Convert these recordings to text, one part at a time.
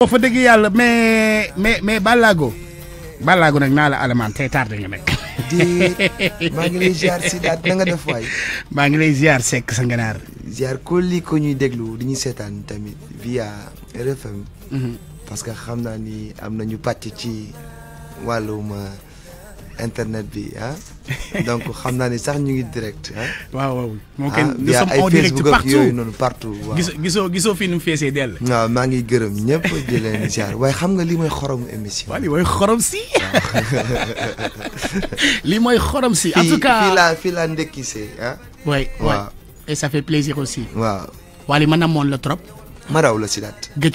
boo fa dëgg yàlla mais mais mais Ballago Ballago nag naa la alamaan tey tardé nga nag. di maa ngi lay ziar si daat na def waay. maa ngi lay ziar sekk sa nganaar. ziar ko lii ko ñuy déglu di ñu seetaan tamit via RFM. Mhm. parce que xam naa ni am nañu pàcc ci wàllum. internet bi hein. donc xam ni sax direct ah. waaw waaw ah, nous sommes direct partout partout waaw. gisoo gisoo fi nu feesee waaw maa ngi gërëm ñëpp di ziar waaye xam nga lii mooy xorom émission. waaw lii mooy xorom si. lii xorom si. en tout cas waaw et ça fait plaisir aussi. waaw. trop. ma la si daat. gëj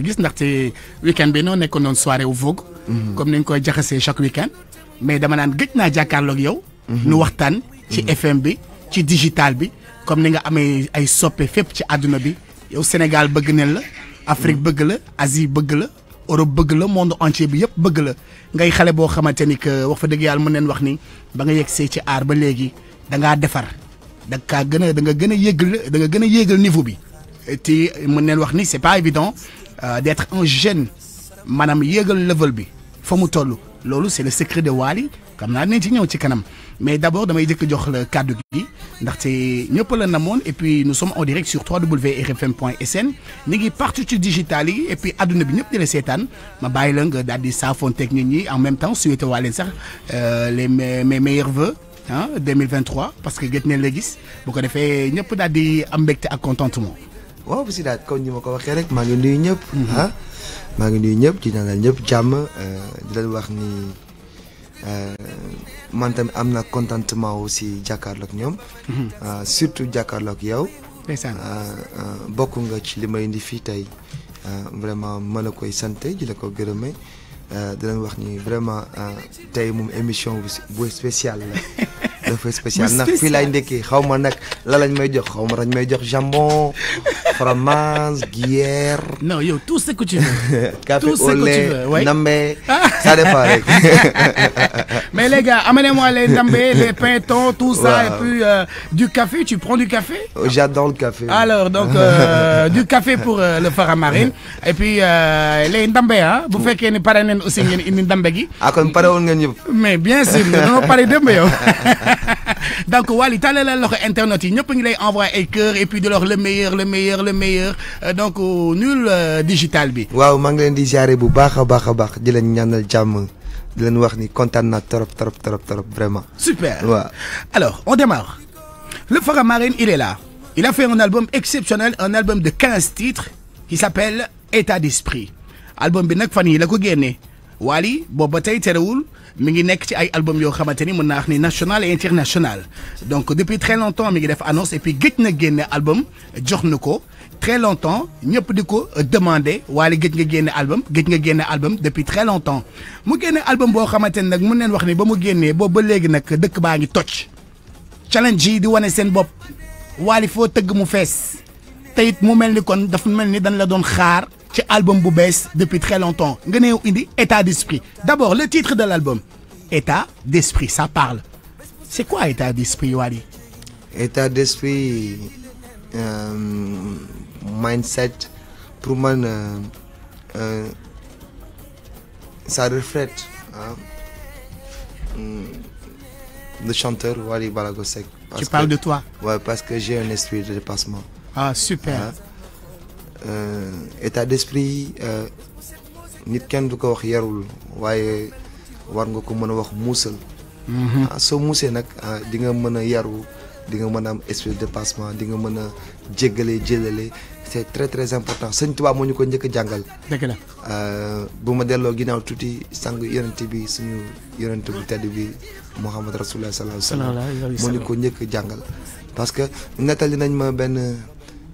du gis soirée au Vogue. Mm-hmm. comme on koy jaxasee chaque week-end mais dama nan gëj yow. Mm-hmm. nu ci FM mm-hmm. bi ci digital bi comme ni nga amé ay soppé fep ci nous bi yow Sénégal bëgg la. Afrique bëgg Asie bëgg la. Europe bëgg la monde entier bi yëpp bëgg la ngay xalé que wax fa dëgg mën wax ni ba nga nous ci ba da da niveau bi c'est pas évident euh, d'être un jeune manam yegal level bi famu mu lolou c'est le secret de wali xam na dinañ ci ñew ci kanam mais d'abord damay jëk jox le la kàddu ndax ci ñepp la namone et puis nous sommes en direct sur www.rfm.sn ni ngi partout ci digital yi et puis aduna bi ñepp di la seetaan ma bàyyi la nga dal di saafonteeg nit ñi en même temps souhaiter waa sax euh, les mes meilleurs vœux hein, 2023 parce que gët neen la gis bu ko défé ñepp dal di am mbégte ak contentement. waaw Sida comme ni ma ko waxee rek maa ngi nuyu ñëpp. Mhm. Ah maa ngi nuyu ñëpp di ñaanal ñëpp jàmm euh, di leen wax ni euh, man tamit am na contentement aussi jàkkaarloog ñoom. Mhm. Euh, surtout jàkkaarloog yow. bokk nga ci li may indi fii tey vraiment ma la koy sante ji la ko gërëme di leen wax ni vraiment tey moom émission bu spécial la. dafa spécial ndax fii laay ndekkee xaw ma nag la lañ may jox xaw ma dañ may jox jambon fromage, guerre. Non, yo, tout ce que tu veux. Café tout ce au que tu veux, nambé, ça dépend. Hein. Mais les gars, amenez-moi les nambé, les pintons, tout ça, et puis euh, du café. Tu prends du café oh, J'adore le café. Alors, donc, euh, du café pour euh, le marine, Et puis, euh, les nambé, hein, vous faites qu'il n'y ait pas aussi une Ah, comme on parle, Mais bien sûr, nous on parler de donc Wally tàllal la loxo internet yi ñëpp ngi lay envoyé ay cœur et puis de leur le meilleur le meilleur le meilleur euh, donc euh, nul euh, digital bi. waaw ma ngi leen di ziaré bu baax a baax di leen ñaanal jamm di leen wax ni content na trop trop trop trop vraiment. super waaw alors on démarre le Marine, il est là il a fait un album exceptionnel un album de 15 titres qui s'appelle État d'esprit album bi nak fan yii la Wali, bo batay tey mi ngi nek ci ay album yo xamanteni ni mën wax ni national et international donc depuis très longtemps mi ngi def annonce et puis gëj na album jox na ko très longtemps ñëpp di ko euh, demandé Wali gëj nga album gëj nga album depuis très longtemps mu génne album bo xamanteni nak nag mun wax ni ba mu génnee bo ba légui nak dëkk ba ngi toj challenge yi di wone seen bopp Wali fo tëgg mu fess te mu melni kon dafa melni dañ la doon xaar album bu depuis très longtemps indi état d'esprit d'abord le titre de l'album état d'esprit ça parle c'est quoi état d'esprit Wally état d'esprit euh, mindset pour euh, euh, ça reflète hein, mm, le chanteur Wally Balagosek. tu parles de toi. ouais parce que j'ai un esprit de dépassement. ah super. Hein? Eh, état d'esprit eh, nit kenn du ko wax yarul waaye war nga ko mën a wax muusal mhm. ah, soo muusee nag ah, di nga mën a yaru di nga mën a am esprit de dépassement di nga mën a jéggale jëlale c' très très important sëñ tubaab moo ko a jàngal la eh, bu ma delloo ginnaaw tuuti sang yonent bi suñu yonent bu tedd bi mouhamad rasulullah salaa sallam moo ñu ko njëkk a jàngal parce que nettali nañ ma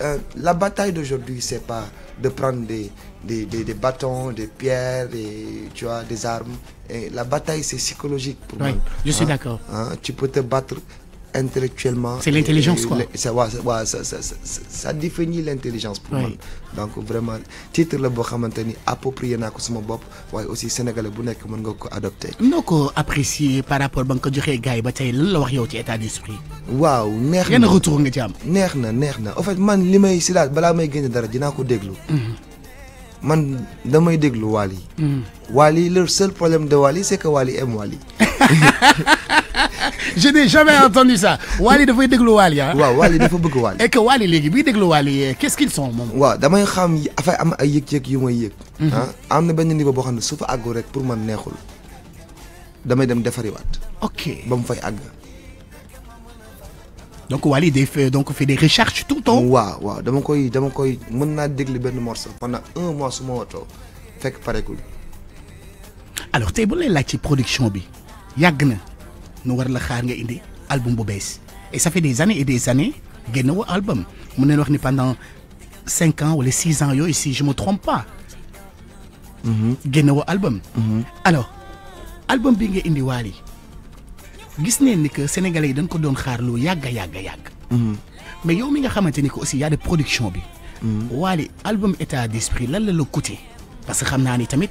euh, la bataille d'aujourd'hui c'est pas de prendre des des bâtons des pierres des tu vois des armes la bataille c'est psychologique pour moi. Oui, je suis hein? d'accord. Hein? Tu peux te battre intellectuellement. C'est l'intelligence, quoi. ça, définit l'intelligence pour moi. Donc, vraiment, titre le approprié sama aussi sénégalais adopté. par rapport d'esprit. en fait man Wally. le seul problème de Wally c'est que wali aime Wally. je n'ai jamais entendu ça Wally devrait déglu Wally ah. waaw Wally dafa bëgg Wally. et que Wally léegi biy déglu Wally eh, qu'est-ce qu'ils sont moom. waaw damay xam afay am ay yek yek yu may yëg. Mhm. Ah, am na benn niveau boo xam ne su fa àggul rek pour man neexul damay dem defariwaat. ok ba mu fay àgg. donc Wally day fait donc fait des recherches tout le temps. waaw waaw dama koy dama koy mën naa déglu benn morceau. pendant un mois seulement. ma wootoo fekk alors tey bu lay la ci production bi Yagna. na nu war la xaar nga indi album bu et ça fait des années et des années génn woo album mun nañu wax ni pendant cinq ans les six ans Yo, si je me trompe pas. Mhm. génn woo album. Mhm. alors album bi nga indi Wali, yi gis neen ni que sénégalais yi dañ ko doon xaar lu yàgg a yàgg mhm. mais yow mi nga xamante ni que aussi y a des productions bi. Wali, album état d'esprit lan la le coûté parce que xam naa ni tamit.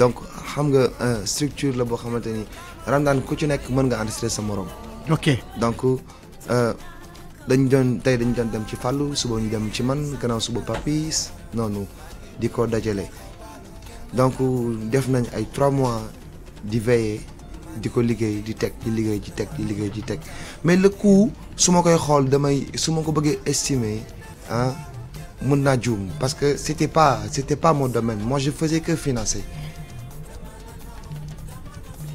donc xam nga euh, structure la boo xamante ni Ramadane ku ci nekk mën nga enregistrer sa morom. ok donc euh, dañ doon tey dañ doon dem ci Fallou suba ñu dem ci man gannaaw suba Papis noonu di ko dajale donc def nañ ay trois mois di veiller di ko liggéey di teg di liggéey di teg di liggéey di teg mais le coup, su ma koy xool damay su ma ko bëggee estimer ah mën naa juum parce que c'était pas c'était pas mon domaine moi je faisais que financer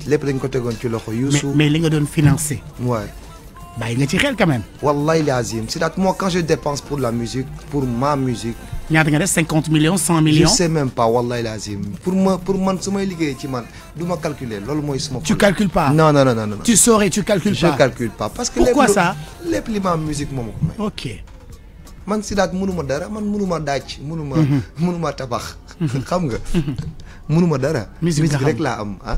lépp dañ ko tegoon ci loxo Youssou. mais li nga doon financé. ouais bàyyi nga ci xel quand même. wallahi l'azim c'est-à-dire moi quand je dépense pour la musique pour ma musique. ñaata nga def 50 millions 100 millions. je sais même pas wallahi l'azim pour ma pour man su may ci man du ma calculer loolu mooy suma. tu calcules pas non non non non. non. tu saurais, tu calcules pas je calcule pas. parce que pourquoi ça lépp li ma musique moomu ko may. ok man Sidaat mënuma dara man mënuma daaj. mënuma mhm. mënuma tabax. Mhm. xam nga. Mhm. mënuma dara. musique rek la am ah.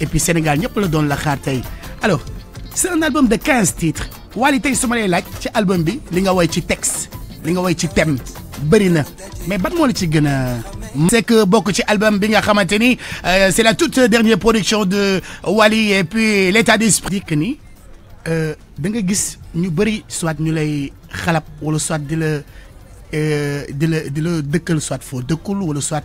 et puis Sénégal ñëpp la doon la xaar tay alors c'est un album de 15 titres Wally tey su lay laaj ci album bi li nga woy ci texte li nga woy ci thème bari na mais ban mo li ci gëna c'est que bokku ci album bi nga xamanteni euh, c'est la toute dernière production de Wali et puis l'état d'esprit que ni euh, da nga gis ñu bari soit ñu lay xalab wala soit di la euh, di la di la dëkkal soit fo dëkkul wala soit.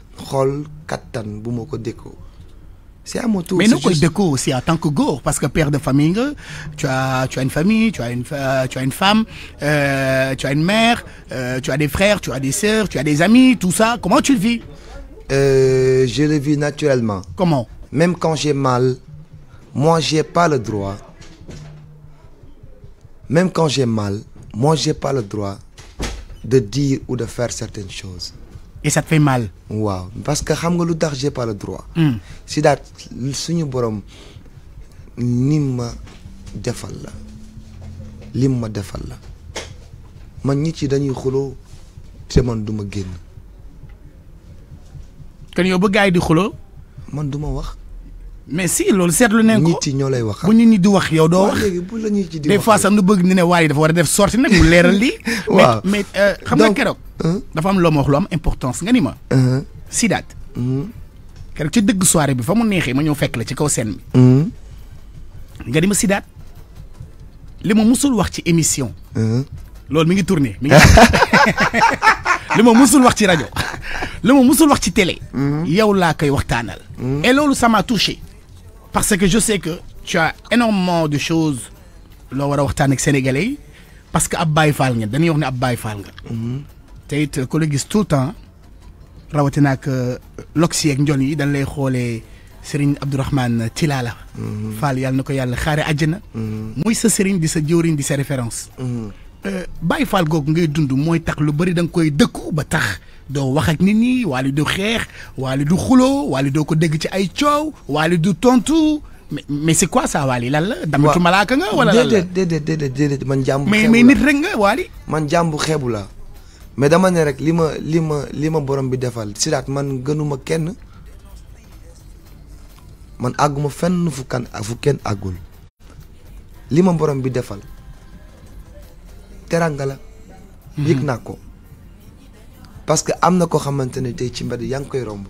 C'est kattan mot c'est à mon tour mais nous koy déco aussi en tant que go, parce que père de famille euh, tu as tu as une famille tu as une euh, tu as une femme euh, tu as une mère tu as des frères tu as des sœurs tu as des amis tout ça comment tu le vis je le vis naturellement comment même quand j'ai mal moi j'ai pas le droit même quand j'ai mal moi j'ai pas le droit de dire ou de faire certaines choses et ça te fait mal. Wow, parce que xam nga lu tax j'ai pas le droit. Hmm. si daat suñu borom nimma defal la lim defal la man nit ci dañuy xulo té man du ma Kan yo yow gaay di xulo? man du wax mais si loolu seetlu nañ ko nit yi ñoo wax bu ñu nit di wax yow doo wax des fois sax nu bëgg ni ne waay dafa wara def sorti nak mu leeral li waaw mais euh, xam nga kérok hein? dafa am loo wax lu am importance nga ni ma. Uh-huh. Sidaat. Mm-hmm. keroog ci deug soirée bi fa mu neexee ma ñëw fekk la ci kaw scène bi. Mm-hmm. nga ni ma Sidaat li ma musul wax ci émission. Uh-huh. lolou mi ngi tourner mi ngi. li ma musul wax ci radio li ma musul wax ci télé. Mm-hmm. yow la kay waxtanal et lolou ça m'a touché parce que je sais que tu as énormément de choses loo war a ak sénégalais parce que ab Fall nga dañuy wax ni ab Fall nga. te it ku la gis tout temps rawatina ak euh, lox ak njol yi dañ lay xolé Serigne Abdourahmane Tilala. Fall yalla nako yalla xari xaare àjjana. muy sa Serigne di sa jëwriñ di sa référence. Mm. euh Baye Fall gog ngay dund mooy tax lu bari dang koy dëkku ba tax. Do wax ak nit ñi waali du xeex waali du xuloo waali doo ko dégg ci ay coow waali du tontu mais c'est quoi ça waali lan la. damitu malaaka nga wala lan la déedéet déedéet man jàmbu mais mais nit rek nga waali. man jàmbu xeebu la mais dama ne rek li ma li borom bi defal Sidath man gënuma kenn man àgguma fenn fu kan fu kenn àggul li borom bi defal teranga la. Mhm. yëg naa ko. parce que am na koo xamante ne tey ci mbedd yaa ngi koy romb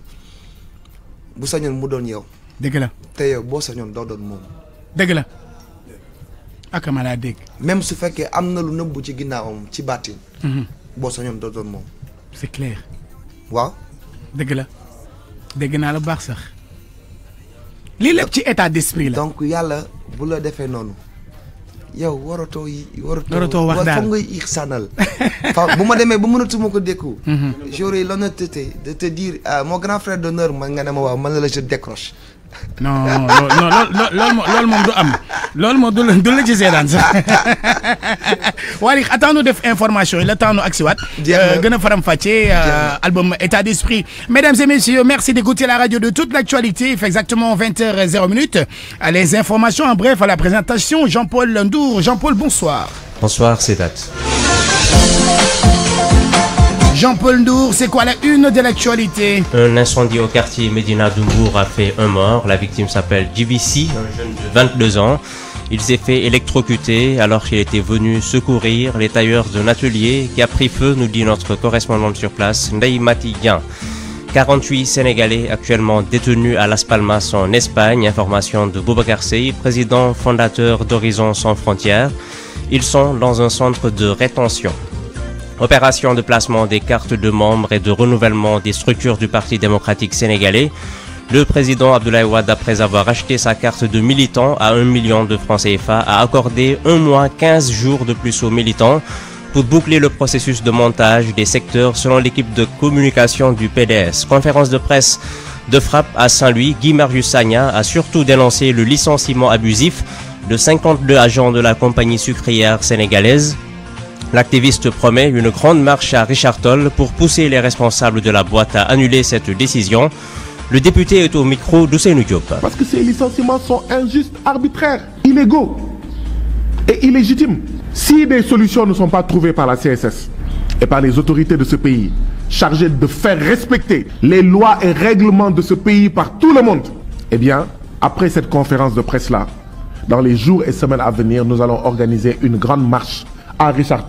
bu sañoon mu doon yow. dégg la te yow boo sañoon doo doon moom. dégg la ak ma laa dégg. même su fekkee am na lu nëbbu ci ginnaawam ci baatin. Mhm. boo sañoon doo doon moom. c'est clair. waaw. dëgg la dégg naa la baax sax. lii lépp ci état d'esprit la. donc yàlla bu la defee noonu. yow waratoo yi waratoo. waratoo wax daal nga ixsaanal fa bu ma demee ba mënatuma ko dékku. Mhm. j'aurai l'honnêteté de te dire diir mon grand frère d'honneur ma nga ne ma waaw man la la je décroche. non non non loolu moom du am loolu moom du du la ci seetaan sax Wally attends def information yi le temps nu agsiwaat. Euh, gën a faram euh, album état d'esprit. mesdames et messieurs merci d'écouter la radio de toute l'actualité il fait exactement 20h00 minutes. les informations en bref à la présentation Jean-Paul Ndour Jean-Paul bonsoir. bonsoir Sedat. Jean-Paul Ndour, c'est quoi la une de l'actualité Un incendie au quartier Medina Dumbour a fait un mort. La victime s'appelle JBC, un jeune de 22 ans. Il s'est fait électrocuter alors qu'il était venu secourir les tailleurs d'un atelier qui a pris feu, nous dit notre correspondante sur place, Naïmati Gain. 48 Sénégalais actuellement détenus à Las Palmas en Espagne, information de Boubacar Sey, président fondateur d'Horizon sans frontières. Ils sont dans un centre de rétention opération de placement des cartes de membres et de renouvellement des structures du Parti démocratique sénégalais. Le président Abdoulaye Ouad, après avoir acheté sa carte de militant à 1 million de francs CFA, a accordé un mois 15 jours de plus aux militants pour boucler le processus de montage des secteurs selon l'équipe de communication du PDS. Conférence de presse de frappe à Saint-Louis, Guy Marius Sagna a surtout dénoncé le licenciement abusif de 52 agents de la compagnie sucrière sénégalaise L'activiste promet une grande marche à Richard Toll pour pousser les responsables de la boîte à annuler cette décision. Le député est au micro de Diop. Parce que ces licenciements sont injustes, arbitraires, illégaux et illégitimes. Si des solutions ne sont pas trouvées par la CSS et par les autorités de ce pays, chargées de faire respecter les lois et règlements de ce pays par tout le monde, eh bien, après cette conférence de presse-là, dans les jours et semaines à venir, nous allons organiser une grande marche à Richard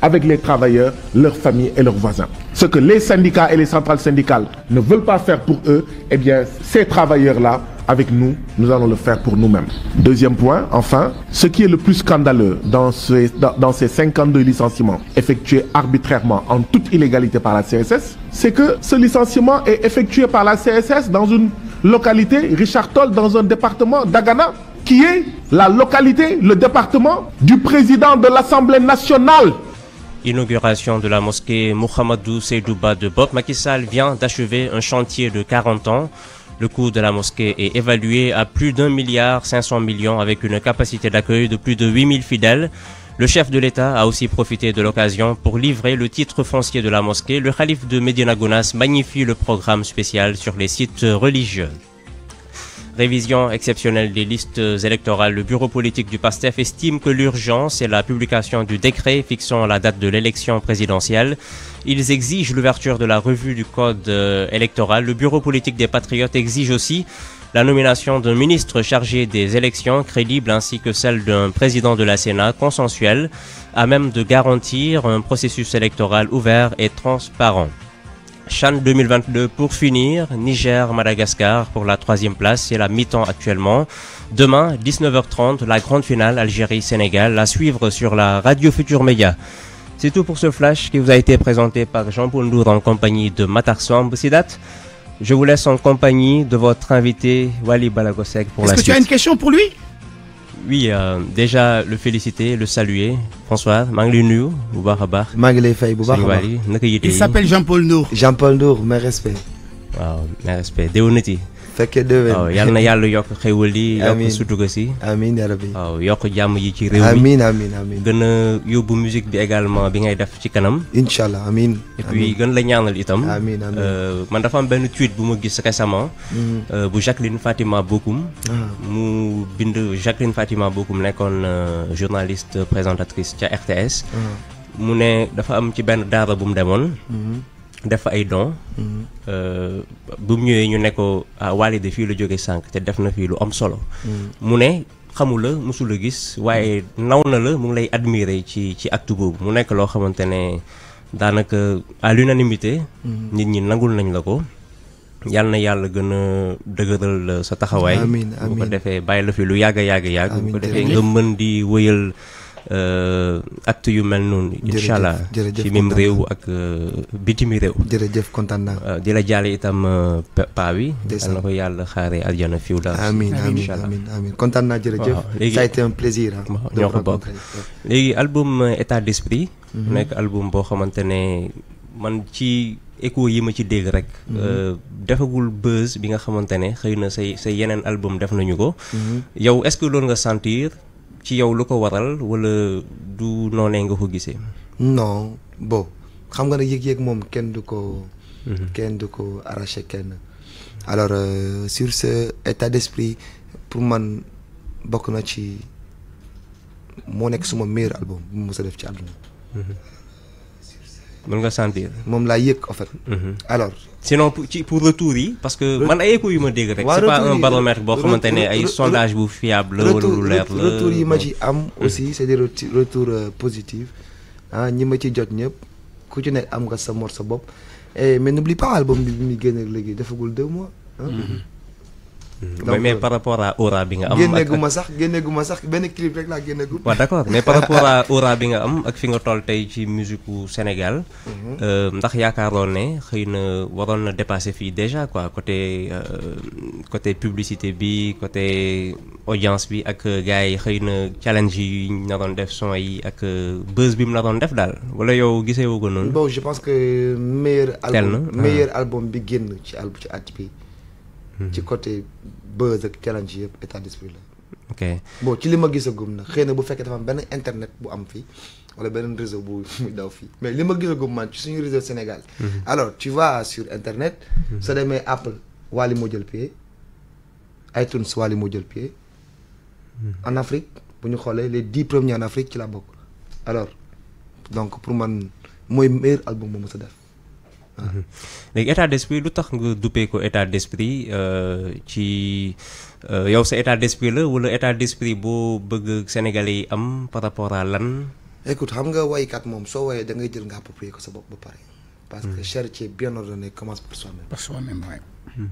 avec les travailleurs, leurs familles et leurs voisins. Ce que les syndicats et les centrales syndicales ne veulent pas faire pour eux, eh bien, ces travailleurs-là, avec nous, nous allons le faire pour nous-mêmes. Deuxième point, enfin, ce qui est le plus scandaleux dans, dans, ces 52 licenciements effectués arbitrairement en toute illégalité par la CSS, c'est que ce licenciement est effectué par la CSS dans une localité, Richard Toll, dans un département d'Agana, qui est la localité, le département du président de l'Assemblée nationale. Inauguration de la mosquée Mohamedou Seydouba de Bob Makissal vient d'achever un chantier de 40 ans. Le coût de la mosquée est évalué à plus d'un milliard 500 millions avec une capacité d'accueil de plus de 8000 fidèles. Le chef de l'État a aussi profité de l'occasion pour livrer le titre foncier de la mosquée. Le calife de Medina Gounas magnifie le programme spécial sur les sites religieux. Révision exceptionnelle des listes électorales, le bureau politique du PASTEF estime que l'urgence est la publication du décret fixant la date de l'élection présidentielle. Ils exigent l'ouverture de la revue du code euh, électoral. Le bureau politique des Patriotes exige aussi la nomination d'un ministre chargé des élections crédible ainsi que celle d'un président de la Sénat consensuel à même de garantir un processus électoral ouvert et transparent. Chan 2022 pour finir, Niger-Madagascar pour la troisième place, c'est la mi-temps actuellement. Demain, 19h30, la grande finale Algérie-Sénégal à suivre sur la Radio Futur Média. C'est tout pour ce flash qui vous a été présenté par Jean Poundour en compagnie de Matar Bossidat. Je vous laisse en compagnie de votre invité Wali Balagosek pour la suite. Est-ce que tu as une question pour lui oui euh, déjà le féliciter le saluer François je ou lay nuyu bu baax fay il s'appelle Jean-Paul Nour. Jean-Paul Nour, mes respects. mes respects fekkee déwén waaw na yàlla yokk xéwal yi. yokk sutuga si. amiin yaa waaw yokk jàmm yi ci réew mi amiin gën a yóbbu musique bi également bi ngay def ci kanam. incha allah amiin et puis gën la ñaanal itam. amiin amiin euh, man dafa am benn tweet bu ma gis récemment. Mm. Euh, bu Jacqueline Fatima Bokoum. Ah. mu bind Jacqueline Fatima Bokoum nekkoon euh, journaliste présentatrice ca RTS. Ah. mu ne dafa am ci benn daara bu mu demoon. Mm-hmm. def ay don mhm. euh, bu mu ñëwee ñu ne ko ah, Wally de fii la jóge sànq te def na fii lu am solo mhm. mu ne xamula mosula gis waaye naw na la mu ngi lay admirer ci ci acte boobu mu nekk loo xamante ne daanaka à l'unanimité mhm. nit ñi nangul nañ la ko yàlla na yàlla gën a dëgëral euh, sa taxawaay bu ko defee bàyyi la fi lu yàgg a yàgg yàgg ko defee nga mën di wëyal Euh, acte yu mel noonu. incha allah ci mim réew ak euh, bitimi réew. jërëjëf kontaan naa. Euh, di la jaale itam paa wi. na ko yàlla xaaree aljana fiw daal. amiin amiin amiin amiin kontaan jërëjëf. léegi ça a été un plaisir ñoo ko bokk léegi album état d'esprit. Mhm. nekk album boo xamante ne man ci. écho yi ma ci dégg rek mhm. defagul buzz bi nga xamante ne xëy na say say yeneen album def nañu ko mhm. yow est-ce nga sentir ci yow lu ko waral wala du noonee nga ko gisee. non bo xam nga ne yëg-yëg moom kenn du ko. Mhm. kenn du ko arraché kenn. alors euh, sur ce état d'esprit pour man bokk na ci moo nekk suma meilleur album bu mu mës def ci àdduna. Mhm. mën nga sentir. moom laa yëg en fait. Mhm. alors sinon pour ci pour retour yi. parce que man ay échos yu ma dégg rek. c'est pas un baromètre boo xamante ne ay sondage bu fiable la wala lu leer la retour yi ma ci am. Mhm. aussi c'est des retours euh, positifs ah ñi ma ci jot ñëpp ku ci nekk am nga sa morceau sa bopp eh, mais n'oublie pas album bi mi génn léegi defagul deux mois. Hein. Mhm. Hmm. mais mais par rapport à aura bi nga am. génneegu ma sax génneegu ma sax ben clip rek la génneegu. wa d'accord mais par rapport à aura bi nga am ak fi nga toll tay ci musique u Sénégal. Mhm. Euh, ndax yaakaaroon ne xëy na waroon na dépasser fii déjà quoi côté euh, côté publicité bi côté audience bi ak gaay xeyna challenge yi na naroon def son yi ak euh, buzz bi mu naroon def dal wala yow gisé wugo non bon je pense que meilleur album ah. meilleur album bi génn ci album ci at bi. Mhm. ci côté buzz ak challenge yëpp état d'esprit la. ok bon ci li ma gisagum na xëy na bu fekkee dafa am benn internet bu am fii wala benn réseau bu muy daw fii mais li ma gisagum man ci suñu réseau Sénégal. Mhm. alors tu vas sur internet. Mhm. soo demee Apple Wally moo jël pied iTunes Wally moo jël pied. en Afrique bu ñu xoolee les dix premiers en Afrique ci la bokk alors donc pour man mooy meilleur album bu ma mës def. léegi état d'esprit lu tax nga duppee ko état d'esprit eh, ci eh, yow sa état d'esprit la wala état d'esprit boo bëgg sénégalais yi am par rapport à lan écoute xam nga waykat moom soo wayee da ngay jël nga approprié ko sa bopp ba pare parce que hmm. bien commence par soi-même par soi-même waay hmm.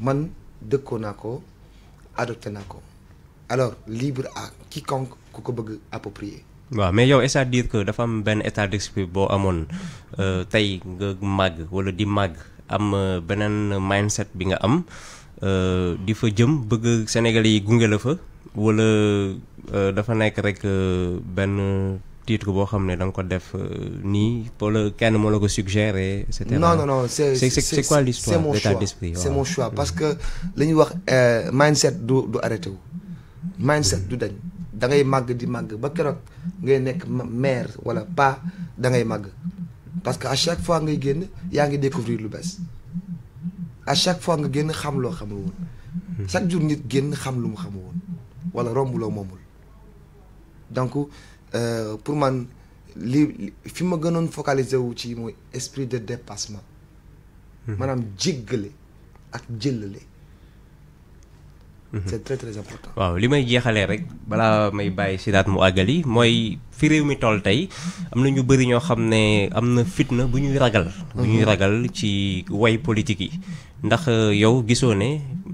man dëkkoo naa ko adopté naa ko alors libre à quiconque ku ko bëgg approprier waaw mais yow c'est-à-dire que dafa am benn état d'esprit boo amoon euh, tey nga màgg walla di màgg am euh, beneen mindset bi nga am euh, di fa jëm bëgg sénégal yi gunge la fa walla dafa nekk rekk benn titre boo xam ne da nga ko def nii walla kenn moo la ko suggéré. et cetera non non non c'est c'est quoi l'histoire l'état d'esprit c'est mon choix parce que li ñuy wax mindset du du arrêté wu mindset du dañ. dangay mag di mag ba keroog ngay nek mère wala pas dangay mag. parce que à chaque fois ngay guen yaa ngi découvrir lu bess à chaque fois nga guen xam lo xam won chaque jour nit guen xam lu mu xam won wala romb lo momul donc euh, pour man li fi ma gënon focaliser wu ci moy esprit de dépassement hmm. manam jiggle, ak jëllale Mhm. c'est très très waaw li may jeexalee rek balaa may bàyyi si daat mu àggali mooy fi réew mi toll tey am na ñu bëri ñoo xam ne am na fitna bu ñuy ragal. bu ñuy mhm. ragal ci way politique yi. ndax euh, yow gisoo ne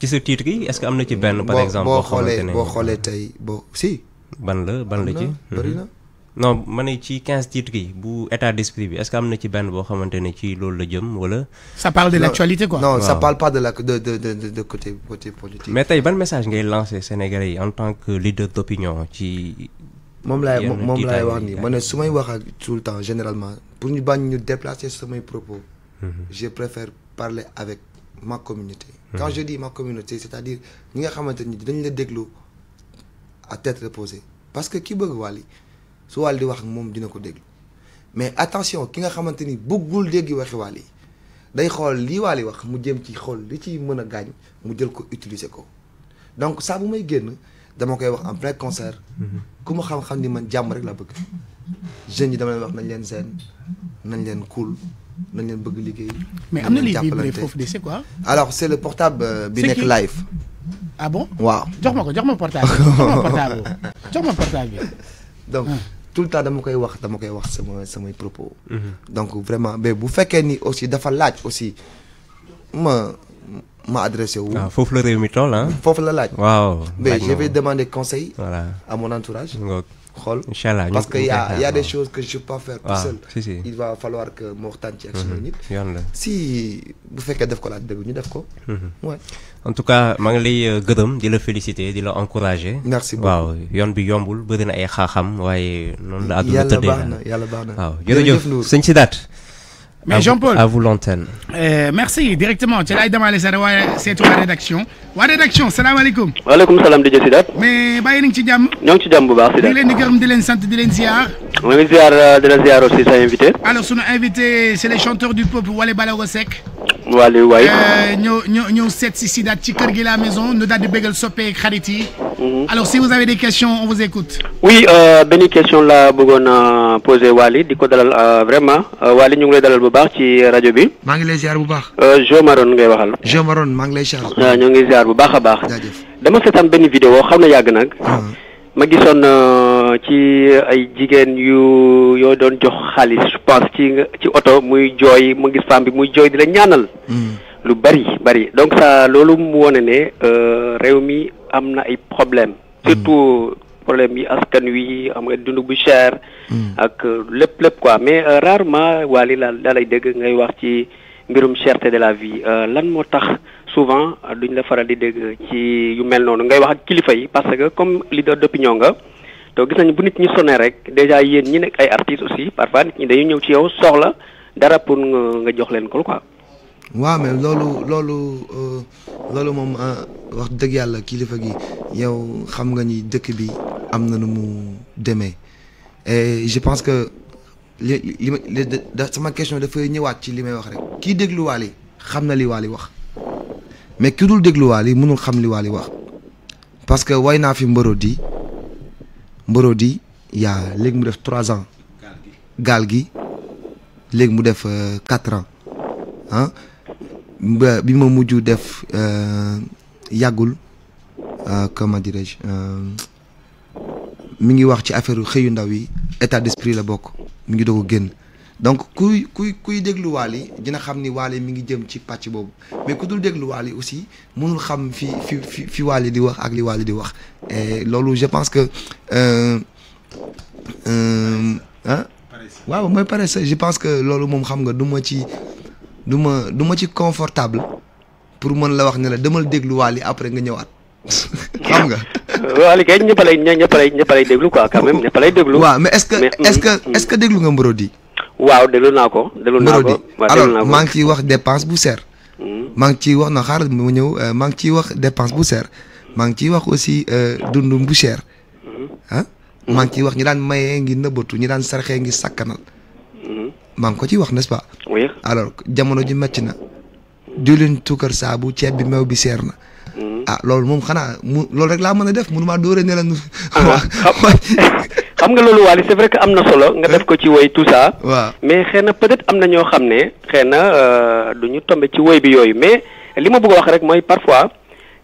ci sa titre yi est-ce que am na ci benn. par exemple boo xoolee boo xoolee tey bo si. ban la ban la ci. Mhm. bëri na non ma ne ci 15 titres yi bu état d'esprit bi est-ce que am na ci benn boo xamante ne ci loolu la jëm wala. ça parle de l'actualité quoi. non ça parle pas de la de de de de côté côté politique. mais tey ban message ngay lancer Sénégalais yi en tant que leader d'opinion ci. moom laay moom laay wax nii ma ne su may wax ak tout le temps généralement pour ñu bañ ñu déplacer samay propos. Mhm. je préfère parler avec ma communauté. Mmh. quand je dis ma communauté c'est-à-dire que nga avons la à tête reposée parce que qui veut Wali, soit vous di wax un dina ko déglu mais attention ki nga dégg waxi day Vous wax mu jëm ci li ci mu jël ko utiliser ko donc saa en plein concert. faire Vous xam je ni man pas rek Je vous jeunes yi dama vous wax nañ cool nañ leen bëgg liggéey. mais am na luy vibré foofu de c'est quoi. alors c'est le portable euh, bi Life ah bon waaw jox ma ko jox ma portable jox ma portable jox ma portable donc ah. tout le temps dama koy wax dama koy wax sama samay propos. Mhm. donc vraiment mais bu fekkee ni aussi dafa laaj aussi ma ma adressé wu. waaw ah, foofu la réew mi toll ah. foofu la laaj. waaw mais je vais demander conseil. voilà à mon entourage xool parce que y a y a des choses que je peux pas faire tout ah, seul il va falloir que ma waxtaan ci ak si bu fekkee def ko la dëgg ñu def ko waay mhm. en tout cas maa ngi lay euh, gërëm di la féliciter di la encourager merci beaucoup waaw yoon bi yombul bëri na ay xaaxam waaye noonu la àdduna tëddee yàlla baax na yàlla baax na waaw jërëjëf sëñ Sidaat mais Jean-Paul. À vous l'antenne. Euh, merci. Directement, ci laay demaale sa waa seetu waa rédaction Wa rédaction salam salaamaaleykum. waaleykum salaam DJ Sidat. mais bàyyi nañ ci jàmm. ñoo ngi ci jàmm bu baax Sidat. di leen di gërëm di leen sant di leen ziar ma ngi euh, de la ziar aussi sa invité. alors sunu invité c'est le chanteur du peuple Wally Ballago Seck. Wally waay. ñëw ñëw ñëw seet si si daat ci kër gi la maison ñu daal di bégal soppeek xarit yi. Mhm. alors si vous avez des questions on vous écoute. oui euh, benn question la bëggoon a euh, poser Wally di ko dalal euh, vraiment Wally ñu ngi lay dalal bu baax ci Radio bi. maa ngi ziar bu baax. Jo Maron ngay waxal. Jo Maron maa ngi lay ziar. ñu ngi ziar bu baax a baax. dama seetaan benn vidéo xam na yàgg nag. Ah. ma gisoon euh, ci ay jigéen yu yoo doon jox xaalis je pense ci ci oto muy jooy mu gis femme bi muy jooy di la ñaanal. Hmm. lu bari bari donc ça loolu mu wone ne euh, réew mi am na ay problème hmm. surtout problème yi askan wi am nga dund bu cher. Hmm. ak euh, lépp lépp quoi mais rarement waali la laa lay dégg ngay wax ci mbirum cherte de la vie lan moo tax. souvent duñ euh, la faral di dégg ci yu mel noonu ngay wax ak kilifa yi parce que comme leader d'opinion nga te gis nañu bu nit ñi sonné rek déjà yéen ñi nekk ay artistes aussi parfois nit ñi dañu ñëw ci yow soxla dara pour nga jox leen ko quoi. waaw mais loolu loolu euh, loolu moom ah, wax dëgg yàlla kilifa gi yow xam nga ni dëkk bi am na nu mu demee et je pense que li li ma sama question dafay ñëwaat ci li may wax rek kii déglu Wally xam na li Wally wax. mais ki dul déglu mënul xam li Wally wax parce que way naa fi Mborodi Mborodi yaa léegi mu def trois ans gaal gi léegi mu def euh, quatre ans ah bi ma mujj def euh, yàggul euh, comment dirais-je mi ngi wax ci affaire xëyu ndaw yi état d'esprit la bokk mi ngi doog a génn donc kuy kuy kuy déglu wali dina xamni ni mi ngi jëm ci mais ku dul déglu aussi mënul xam fi fi fi di wax ak et je pense que euh, euh, hein? je pense que Lolo, mom xam nga confortable pour mën la wax après nga xam nga. Euh, kay quand même mais est-ce que mm, mm. est-ce que est-ce que waaw delu naa ko delu naa ko alors maa ngi ciy wax dépense bu seer hmm. maa ngi ciy wax na xaaral mu ñëw euh, maa ngi ciy wax dépense bu seer maa ngi ciy wax aussi euh, dund bu seer ah maa ngi ciy hmm. wax ñi daan mayee ngi nëbbatu ñi daan sarxee ngi sakkanal maa ngi ko ciy wax n'est-ce pas oui alors jamono ji metti na diwlin tuukar saabu ceeb bi meew bi seer na ah loolu moom xanaa mu loolu rek laa mën a def mënuma dóore ne la ah, xam nga loolu waali c'est vrai que am na solo nga def ko ci woy tout ça. waaw mais xëy na peut-être am na ñoo xam ne xëy na euh, du ñu ci woy bi yooyu mais li ma bëgg wax rek mooy parfois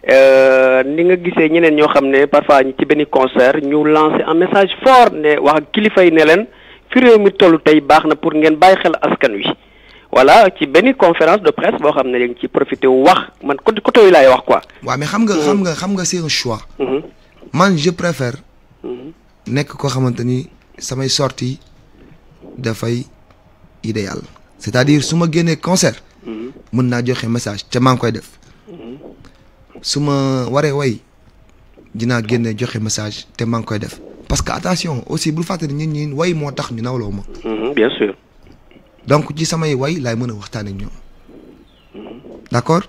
euh, ni nga gisee ñeneen ñoo xam ne parfois ñu ci benn concert ñu lancer un message fort ne wax kilifa yi ne leen fi réew mi tollu tey baax na pour ngeen bàyyi xel askan wi. voilà ci benn conférence de presse boo xam ne dañ ci profité wax man côté côté yi laay wax quoi. waaw mais xam nga xam nga mm-hmm. xam nga c'est un choix. Mm-hmm. man je préfère. Mm-hmm nek ko xamanteni ni sortie da fay idéal c'est-à-dire suma ma génnee concert mm-hmm. mën naa joxe message ca mang koy def mm-hmm. su ma waree way dina guéné joxe message te mang koy def parce que attention aussi bul faté ñin ñin way moo tax ñu nawloo ma mm-hmm, bien sûr donc ci samay way lay mëna a waxtaan ak ñoom d'accord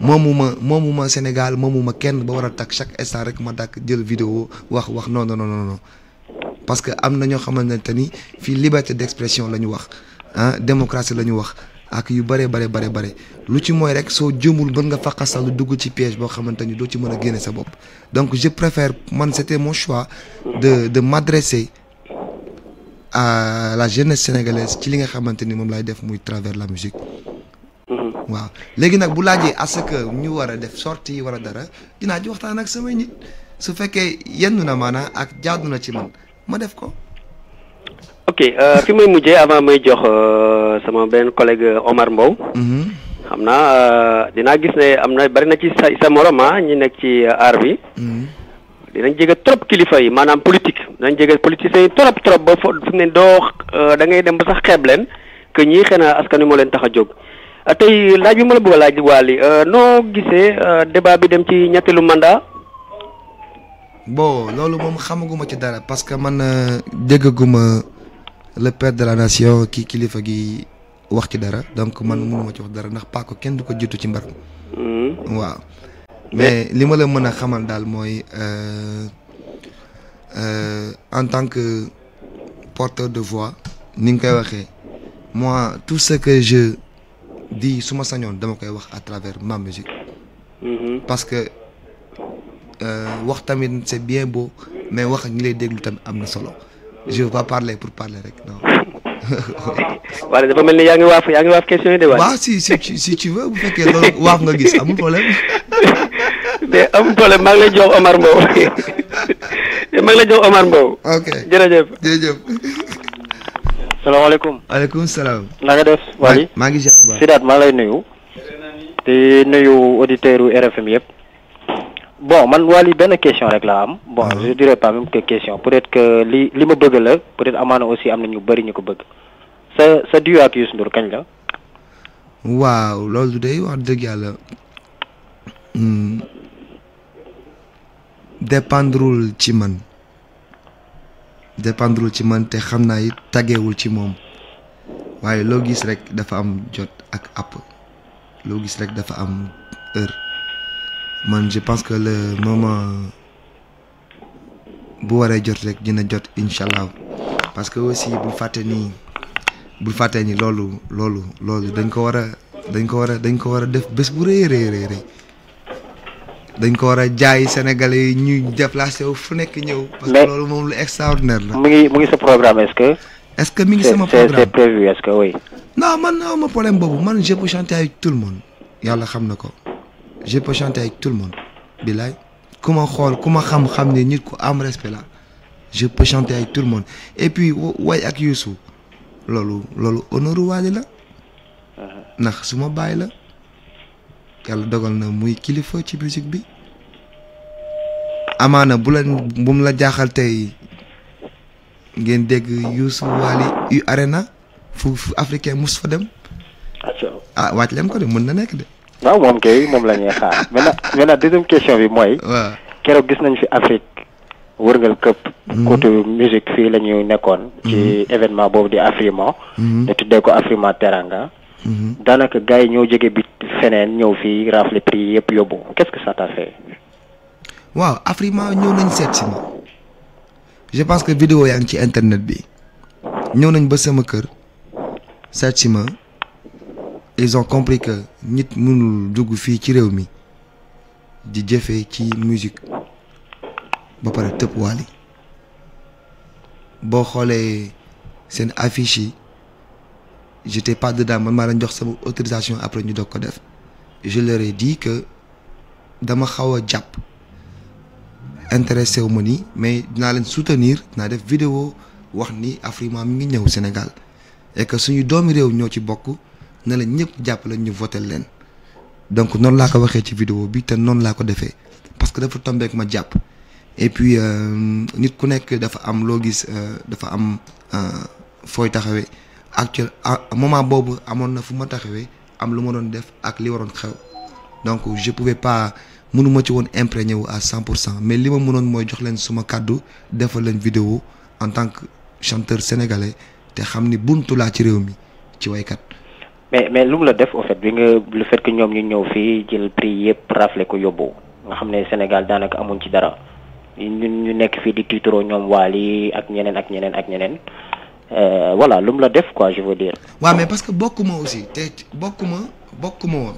moomuma moomuma Sénégal moomuma kenn ba war a chaque instant rek ma takk jël vidéo wax wax non non non non parce que am na ñoo xamante liberté d'expression lañu wax ah démocratie lañu wax ak yu bare bare bare bare lu ci moy rek so jëmul mën nga faqasal dugg ci piège bo xamante do ci mëna sa bop donc je préfère man c'était mon choix de de m'adresser à la jeunesse sénégalaise ci li nga xamante mom lay def muy travers la musique waaw léegi nak bu laajee à ce que ñu war a def sortie war a dara dinaa ji waxtaan ak samay nit su fekkee yenn na maanaam ak jaadu na ci man ma def ko ok fi may mujjee avant may jox sama benn collègue Omar Mbow xam mhm. eh, naa dinaa gis ne am na bari na ci sa sa morom ñi nekk ci aar eh, bi mhm. dinañ jege trop kilifa yi maanaam politique dinañ jege politiciens yi trop trop ba fo fu ne doo eh, da ngay dem ba sax xeeb leen que ñii xëy na askan wi moo leen tax a jóg Euh, tey laaj bi ma la bëgg a laaj Waly euh, noo gisee euh, débat bi dem ci ñetteelu mandat. bon loolu moom xamaguma ci dara parce que man déggaguma le père de la nation ki kilifa gi wax ci dara donc man hmm. mënuma ci wax dara ndax paako kenn du ko jutu ci mbar. Hmm. waaw mais li ma la mën a xamal daal mooy en tant que porteur de voix ni nga koy waxee moi tout ce que je. di suma ma dama koy wax à travers ma musique. Mm-hmm. parce que euh wax tamit c'est bien beau mais wax ñi lay déglu tamit amna solo. je veux pas parler pour parler rek non. waaw dafa melni ni ngi waaf yaa ngi waaf question yi de wa si si si tu veux bu fekkee loolu waaf nga gis amul problème. mais amul problème mag lay jox Omar Mbow. maa ngi lay jox Omar Mbow. ok jërëjëf jërëjëf. salaamaaleykum aleykum salaam naka def wali. maa ngi ziar ba Sidaat maa lay nuyu di nuyu auditeurs yu RFM yëpp bon man wali benn question rek laa am bon ah. je dirais pas même que question peut-être que li li ma bëgg la peut-être amaana aussi am na ñu bëri ñu ko bëgg sa sa duo ak Youssou Ndour kañ la waaw loolu day wax dëgg yàlla hmm. ci man dépendrul ci man te xam naa yi tàggeewul ci moom waaye loo gis rek dafa am jot ak àpp loo gis rek dafa am heure man je pense que le moment bu waree jot rek dina jot incha allah parce que aussi bul fàtte ni bul fàtte ni loolu loolu loolu dañ ko war a dañ ko war a dañ ko war a def bés bu rëy rëy rëy dañ ko war a jaay sénégalais yi ñuy déplacé wu fu nekk ñëw. parce que loolu moom lu extraordinaire la. mu ngi mu ngi sa programme est-ce que. est-ce que mi ngi sama programme c'est prévu est-ce que oui. non man non, ma problème boobu man je peux chanter avec tout le monde yàlla xam na ko je peux chanter avec tout le monde bilaay ku ma xool ku ma xam-xam ne nit ku am respect la je peux chanter avec tout le monde et puis way ak Youssou loolu loolu honneur waali la uh-huh. ndax suma ma bàyyi la. yàlla dogal na muy kilifa ci musique bi amaana bu la bu mu la jaaxal tey ngeen dégg Youssou Wally u arena fu fu africain mus fa dem ah wàcc leen ko de mën na nekk de waaw moom kay moom la ñuy xaar maintenant maintenant deuxième question bi mooy waaw keroog gis nañ fi Afrique wërngal këpp mhm. côté musique fii la nekkoon ci mhm. événement boobu di Afrima. Mhm. ñu tuddee ko Afrima Teranga Mhm. daanaka gars yi ñoo jóge bi feneen ñëw fi rafle prix yépp yobbu qu'est-ce que ça t'a fait. waaw Afrima ñëw nañ seet ci ma je pense que vidéo yaa ngi ci internet bi ñëw nañ ba sama kër seet si ma ils ont compris que nit mënul dugg fii ci réew mi di jëfee ci musique ba pare tëb waali boo xoolee seen affiche yi j'étais pas dedans man maa leen jox autorisation après ñu doko def je leur ai dit que dama xawa japp intéressé au mais dina le soutenir dinaa def vidéo wax ni Afrima mi ngi ñëw Sénégal et que suñu doomi rew ñoo ci bokk na la japp la ñu voter leen donc non la ko waxé ci vidéo bi té non la ko défé parce que dafa ak ma j'app et puis euh, nit ku nek dafa am lo gis euh, dafa am euh, foy taxawé actuel moment bob amoon na fu ma am luma ma def ak li waroon xew donc je pouvais pas mënuma ci won imprégné à 100% mais li ma mënoon mooy jox leen suma cadeau defal leen vidéo en tant que chanteur sénégalais té xamni ni buntu la ci réew mi ci kat mais mais lu la def au fait bi nga le fait que ñom ñu ñëw fi jël prix yépp raflé ko yobbo nga xamné Sénégal danaka amuñ ci dara ñun ñu nekk fi di tiitaroo ñom wali ak ñenen ak ñenen ak ñenen euh, voilà lu la def quoi je veux dire. ouais mais parce que moi aussi beaucoup moi beaucoup moi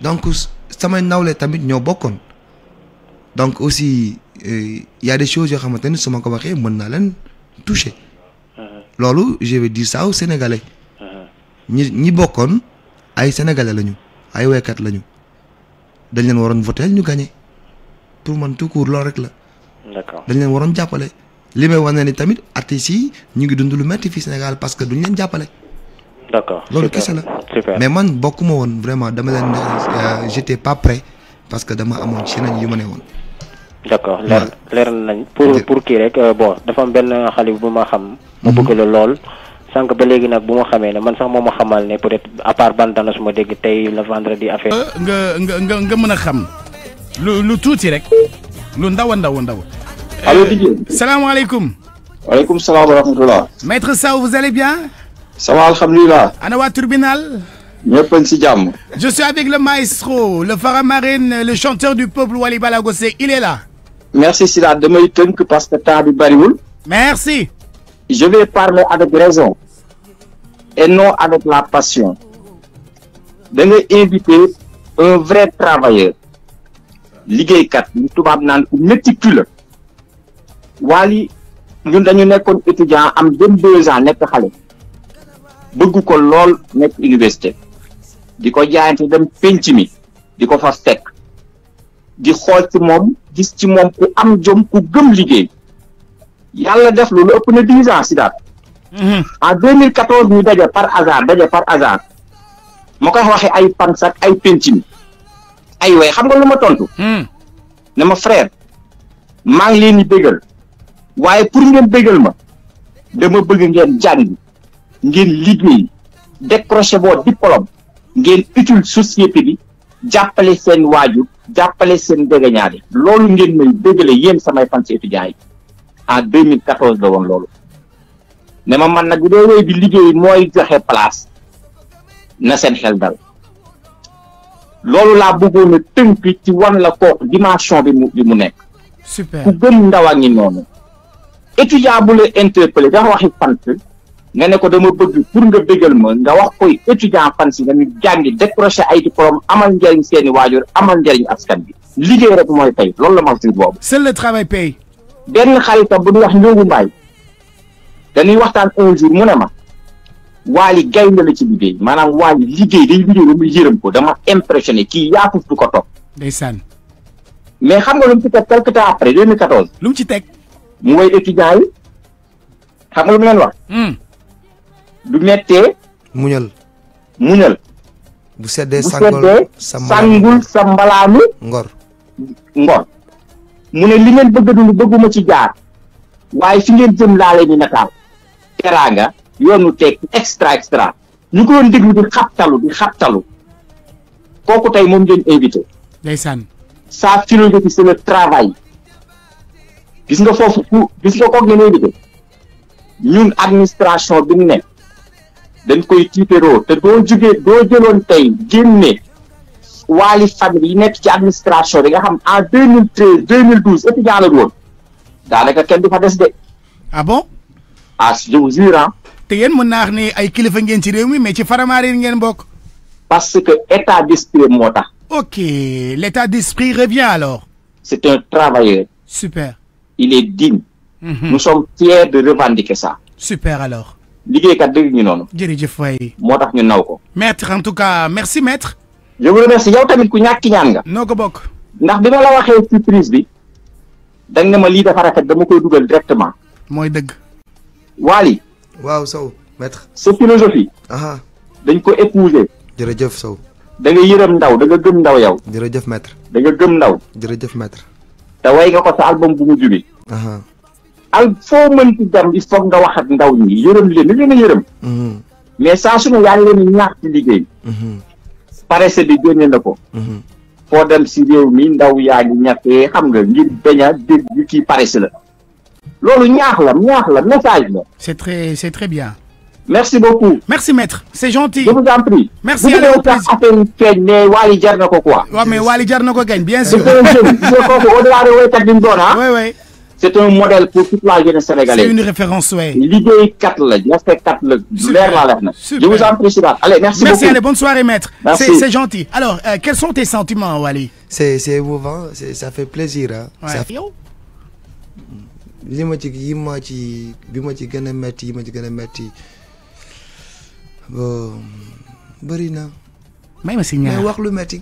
donc samay nawle tamit ñoo bokkoon donc aussi il euh, y a des choses yoo xamante ni su ma ko waxee mën naa toucher. Euh. je veux dire ça aux sénégalais. ñi ñi bokkoon ay sénégalais lañu ay waykat lañu dañ leen waroon voter ñu gagné pour man tout court loolu rek la. d'accord dañ leen waroon jàppale. li may ni tamit artistes yi ñu ngi dund lu metti fii Sénégal parce que duñ leen jàppale. d' accord loolu la mais man bokkuma woon vraiment dama leen ne euh, j' pas prêt parce que dama amoon si nañ yu ma ne woon. d' accord leer leer nañ pour pour kii rek euh, bon dafa am benn xale bu ma xam. ma bëgg mhm. la lool. sànq ba léegi nag bu ma xamee ne man sax moo xamal ne peut être à part bandana su ma dégg tey le vendredi affaire. Euh, nga nga nga nga mën a xam lu lu tuuti rek lu ndaw ndaw ndaw allo euh, Salam alaikum. Alaikum salam, wa maître Sao, vous allez bien. ça va Anoua ana je suis avec le maestro le marine, le chanteur du peuple Waliba Lagosé. il est là. merci Sila, demain que parce que temps bi bariwul. merci. je vais parler avec raison. et non avec la passion. da inviter un vrai travailleur. Ligue 4, tubaab méticule. méticuleux. Wally ñun dañu nekkoon étudiant am vingt-deux ans nekk xale bëgg ko lool nekk université di ko jaayante dem penc mi di ko fa fekk di xool ci moom gis ci moom ku am jom ku gëm liggéey yàlla def lu ëpp na dix ans si daal. Mhm. en deux mille quatorze ñu daje par hasard daje par hasard ma koy waxe ay pansak ay penc mi ay way xam nga lu ma tontu. Mhm. ne ma frère maa ngi leen di bégal waaye pour ngeen dëggal ma dama bëgg ngeen jàng ngeen liggéey décroché boo diplôme ngeen utile société bi jàppale seen waajur jàppale seen dégañaale loolu ngeen may dëggale yéen samay fan si étudiants yi en 2014 la loolu ne ma man nag bu dee wéy bi liggéey mooy joxe place na seen xel dal loolu laa bëggoon a tënk ci wan la kooku dimension bi mu bi mu nekk. super ku gëm ndaw a ngi noonu. étudiant bu la interpellé dafa waxi fant nga ne ko dama bëgg pour nga bégal ma nga wax koy étudiant fan si nga ñu jàngi décroché ay diplôme amal njëriñ seeni waajur amal njëriñ askan bi liggéey rek mooy tey loolu la ma si boobu. seul le travail paye. benn xaritam bu ñuy wax Ndiogu Mbaye dañuy waxtaan un mu ne ma waali gay la ci liggéey maanaam waali liggéey day liggéey ba muy yërëm ko dama impressionné kii yaatu du ko topp. ndeysaan. mais xam nga lu mu ci teg quelque temps lu ci teg. mooy étudiant yi xam nga lu mu leen wax. Hmm. du mettee. muñal. muñal. bu seddee sangul sa sa mbalaanu. ngor ngor. mu ne li ngeen bëgg a dund bëgguma ci jaar waaye fi ngeen jëm laa leen di nataal. teraanga yoonu teg extra extra ñu ko doon déglu di xabtalu di xabtalu kooku tey moom ngeen sànn ndeysaan. sa philosophie c'est le travail. gis nga ne ñun administration bi dañ koy famille ci administration en kenn fa ah bon. As je vous jure ah. te yéen mën naa ne ay kilifa ngeen ci réew mais ci parce que état d'esprit moo ok l'état d'esprit revient alors. c'est un travailleur. super il est digne. Mhm. nous sommes fiers de revendiquer ça. super alors. maître en tout cas merci maître. je vous remercie Je tamit ku Je ñaan nga. la surprise bi maître. C'est philosophie. dañ ko épouser. jërëjëf remercie. da nga remercie. ndaw da nga gëm ndaw remercie. maître. da nga gëm maître. te way nga ko sa album bu mu bi. al foo mënti dem il faut nga wax ak ndaw ñi yërëm leen ni leen a yërëm. Mhm. mais saa su ne yaa ngi leen ñaax ci liggéey. Mhm. paresse bi génne na ko. Mhm. foo dem si réew mi ndaw yaa ngi ñàkkee xam nga ngir bañ a dégg kii paresse la. loolu ñaax la ñaax la message la. c'est très c'est très bien. merci beaucoup. merci maître c'est gentil. je vous en prie. Vous bu ñu doon affaire yu feeñ mais Wally quoi. waaw mais Wally jar na bien sûr. c'est un jeune kooku au delà de woykat oui oui. c'est un modèle pour toute la jeunesse sénégalaise. c'est une référence ouais. quatre là, c'est quatre. leer la leer na. je vous en prie Sida allez merci, merci beaucoup allez bonne soirée maître. merci c'est c'est gentil alors euh, quels sont tes sentiments Wally. c'est c'est émouvant c'est ça fait plaisir ah. Ouais. ça fait li ma ci yi ma ci bi ci gën a métti ci gën a euh, bon na. may mais wax lu metti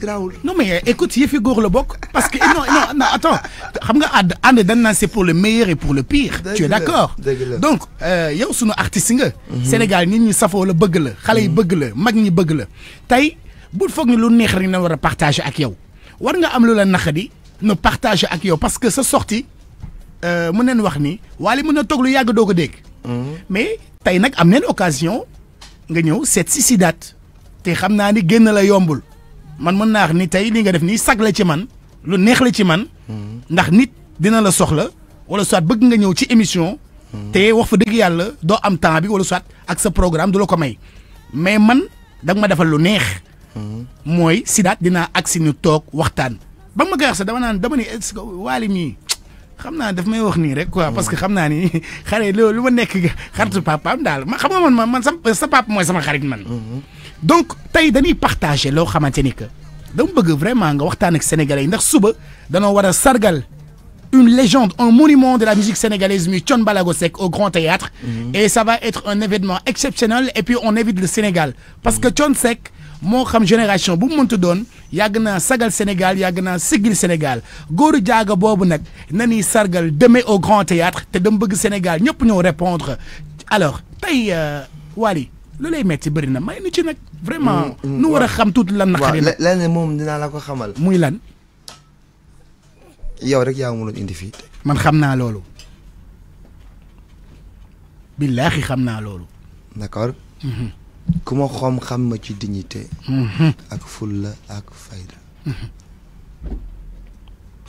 non mais eh, écoute yefi bokk parce que non non attends xam nga c'est pour le meilleur et pour le pire. tu es d'accord donc euh, yow sunu artiste nga. Mhm. Sénégal nit ñi safo la bëgg la. xalé yi mhm. bëgg la mag bëgg la. bu ni lu neex rek na wara partager ak yow war nga am lu la partager ak yow parce que sa sortie euh, mu neen wax ni. na mhm. mais tay nag am nga ñëw seet si Sidaat te xam naa ni génn la yombul man mën naa wax ni tey li nga def nii sag la ci man lu neex la ci man. ndax nit dina la soxla wala soit bëgg nga ñëw ci émission. te wax fa dëgg yàlla doo am temps bi wala soit ak sa programme du la ko may mais man danga ma defal lu neex. mooy Sidaat dinaa si ñu toog waxtaan. ba ma koy wax sax dama naan dama ni est-ce que xam naa daf may wax nii rek quoi parce que xam naa ni xare loolu lu ma nekk xaritu papaam daal ma xam nga man man sa papa mooy sama xarit man. Mhm. donc tey dañuy partager loo xamante ni que dama bëgg vraiment nga waxtaan ak sénégalais yi ndax suba danoo war a sargal une légende un monument de la musique sénégalaise muy Thion Balago Sek au Grand Théâtre. Mhm. et ça va être un événement exceptionnel et puis on évite le Sénégal parce que Thion Sek moo xam génération bu mu mënta doon yàgg naa sagal Sénégal yàgg naa Sénégal góoru jaaga boobu nag na sargal demee au grand théâtre te dama bëgg Sénégal ñëpp ñoo répondre alors tey euh, Waly lu lay metti bëri na may nu ci nag. vraiment mm, mm, nu war a xam tuuti lan. naqari na lenn moom dinaa la ko xamal. muy lan. yow rek yaa mënoon indi fii. man xam naa loolu. billaahi xam naa loolu. d'accord. Mhm. ku ma xoom xam ma ci dignité mm-hmm. ak fulla ak fayda mm-hmm.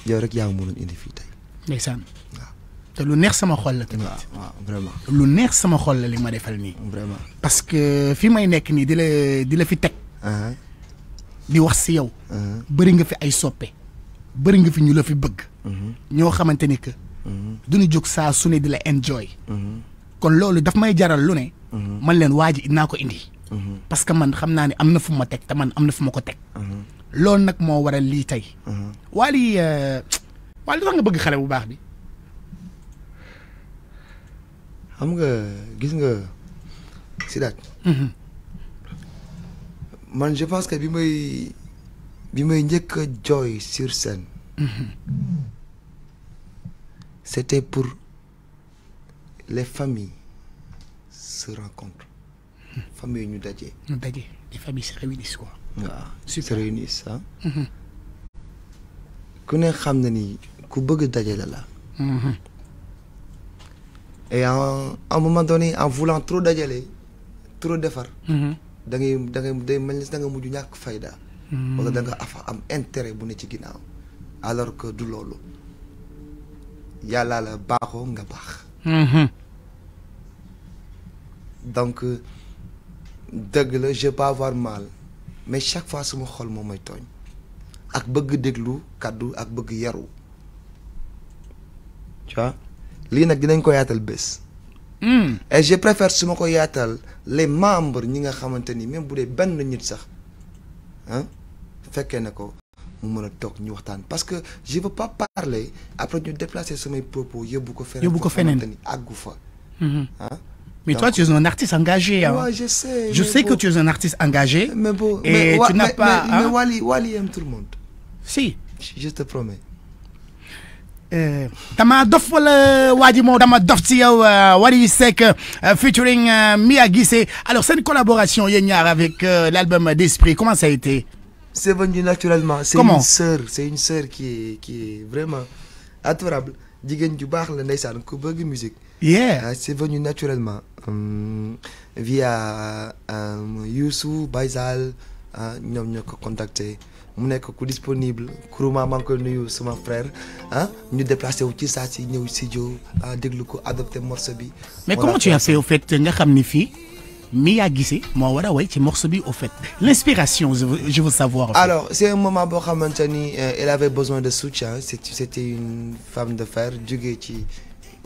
yow rek yaa ngi mënoon indi fii tey ndeysaan waaw te lu neex sama xol la tamit lu neex sama xol la li ma defal nii vraiment parce que fi may nekk nii di la di la fi teg uh-huh. di wax si yow uh-huh. bëri nga fi ay soppe bëri nga fi ñu la fi bëgg uh-huh. ñoo xamante ni que duñu jóg saa su ne di la enjoy kon loolu daf may jaral lu ne Mhm. man len waa ji ko indi. Mhm. parce que man xamna ni amna fuma tek te man amna fuma ko tek mhm. loolu nak mo waral li tay wali euh, wali nga bëgg xalé bu baax bi. xam nga gis nga sidat man je pense que bi may bi may njëkk joy sur scène. c'était pour les familles se rencontrent. famille yi ñu daje. ñu daje les familles se réunissent quoi. waaw ah, se réunissent ah. ku ne xam ni ku bëgg dajale la. Mm-hmm. et à un moment donné en voulant trop dajale trop defar. Mm-hmm. da ngay da ngay day mel da nga muju ñak fayda. wala da nga afa am intérêt bu ne ci ginaaw. alors que du lolu. Yalla la baaxoo nga baax donc euh, dëgg la je pas avoir mal mais chaque fois suma xol moom may tooñ ak bëgg déglu cadeau ak bëgg yaru tu vois lii nag dinañ ko yaatal bés. Hmm. et je préfère su ma ko yaatal les membres ñi nga xamante ni même bu dee benn nit sax ah fekkee na ko mu mën a ñu waxtaan parce que je veux pas parler après ñu déplacer mes propos yóbbu ko. yóbbu ko feneen feneen àggu fa. Hmm. Hein? Mais toi, tu es un artiste engagé. Hein. Ouais, je sais. Je sais que tu es un artiste engagé. Mais bon, et mais, tu n'as pas. Mais, hein? mais Wally, Wally, aime tout le monde. Si. Je te promets. Eh, dama dof wala Wadi Mo, dama dof ci yow euh, Sek euh, featuring euh, Mia Guissé alors une collaboration yéen avec l'album d'Esprit comment ça a été c'est venu naturellement c'est une sœur c'est une sœur qui est qui est vraiment adorable jigéen ju baax la ndeysaan ku bëgg musique ah, c'est venu naturellement euh, via um, Youssou Baizal nous euh, nous ko contacté nous avons ku disponible kuruma manko ngi mon nuyu sama frère ah ñu déplacer wu ci saa si studio déglu morceau mais comment tu as fait au fait nga xam ni fii. Mia Guissé moo war morceau bi au fait l'inspiration je veux savoir. alors c'est un moment qui a maintenu, elle avait besoin de soutien c'était une femme de fer jógee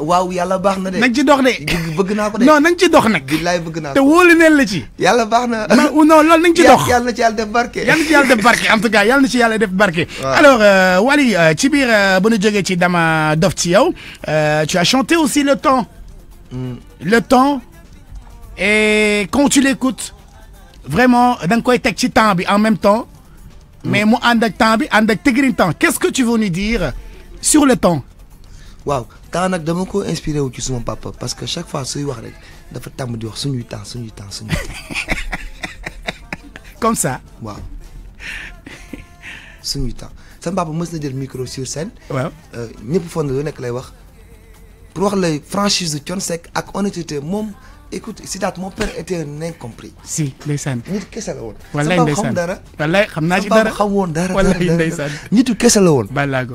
waaw yàlla baax na de. na ci dox de. bëgg naa ko de. non na ci dox nag. billaay bëgg naa ko te wóolu la ci. yàlla baax na. non non loolu na ci dox yàlla na ci yàlla def barke. yàlla na ci yàlla def barke en tout cas yàlla na ci yàlla def barke. alors euh, wali euh, ci biir euh, bu ñu jógee ci dama dof ci yow tu as chanté aussi le temps. Hmm. le temps et quand tu l'écoutes vraiment da nga koy teg ci temps bi en même temps. mais hmm. mu ànd ak temps bi ànd ak tëggirin temps qu'est-ce que tu veux nous dire sur le temps waaw temps nag dama ko inspiré wu ci suma papa parce que chaque fois suy wax rek dafa tàmm di wax suñuy temps suñuy temps suñuy temps. comme ça. waaw suñuy temps sama papa mës na jël micro sur scène. waaw euh, ñëpp fond na lu nekk lay wax pour wax lay franchise de Thione ak honnêteté moom. écoute Sidaat mon père était un incompris. si ndeysaan. nit kese la woon. wallaay ndeysaan xam dara. wallaay xam naa ci dara xam woon dara. wallaay ndeysaan nitu kese la woon. balaago.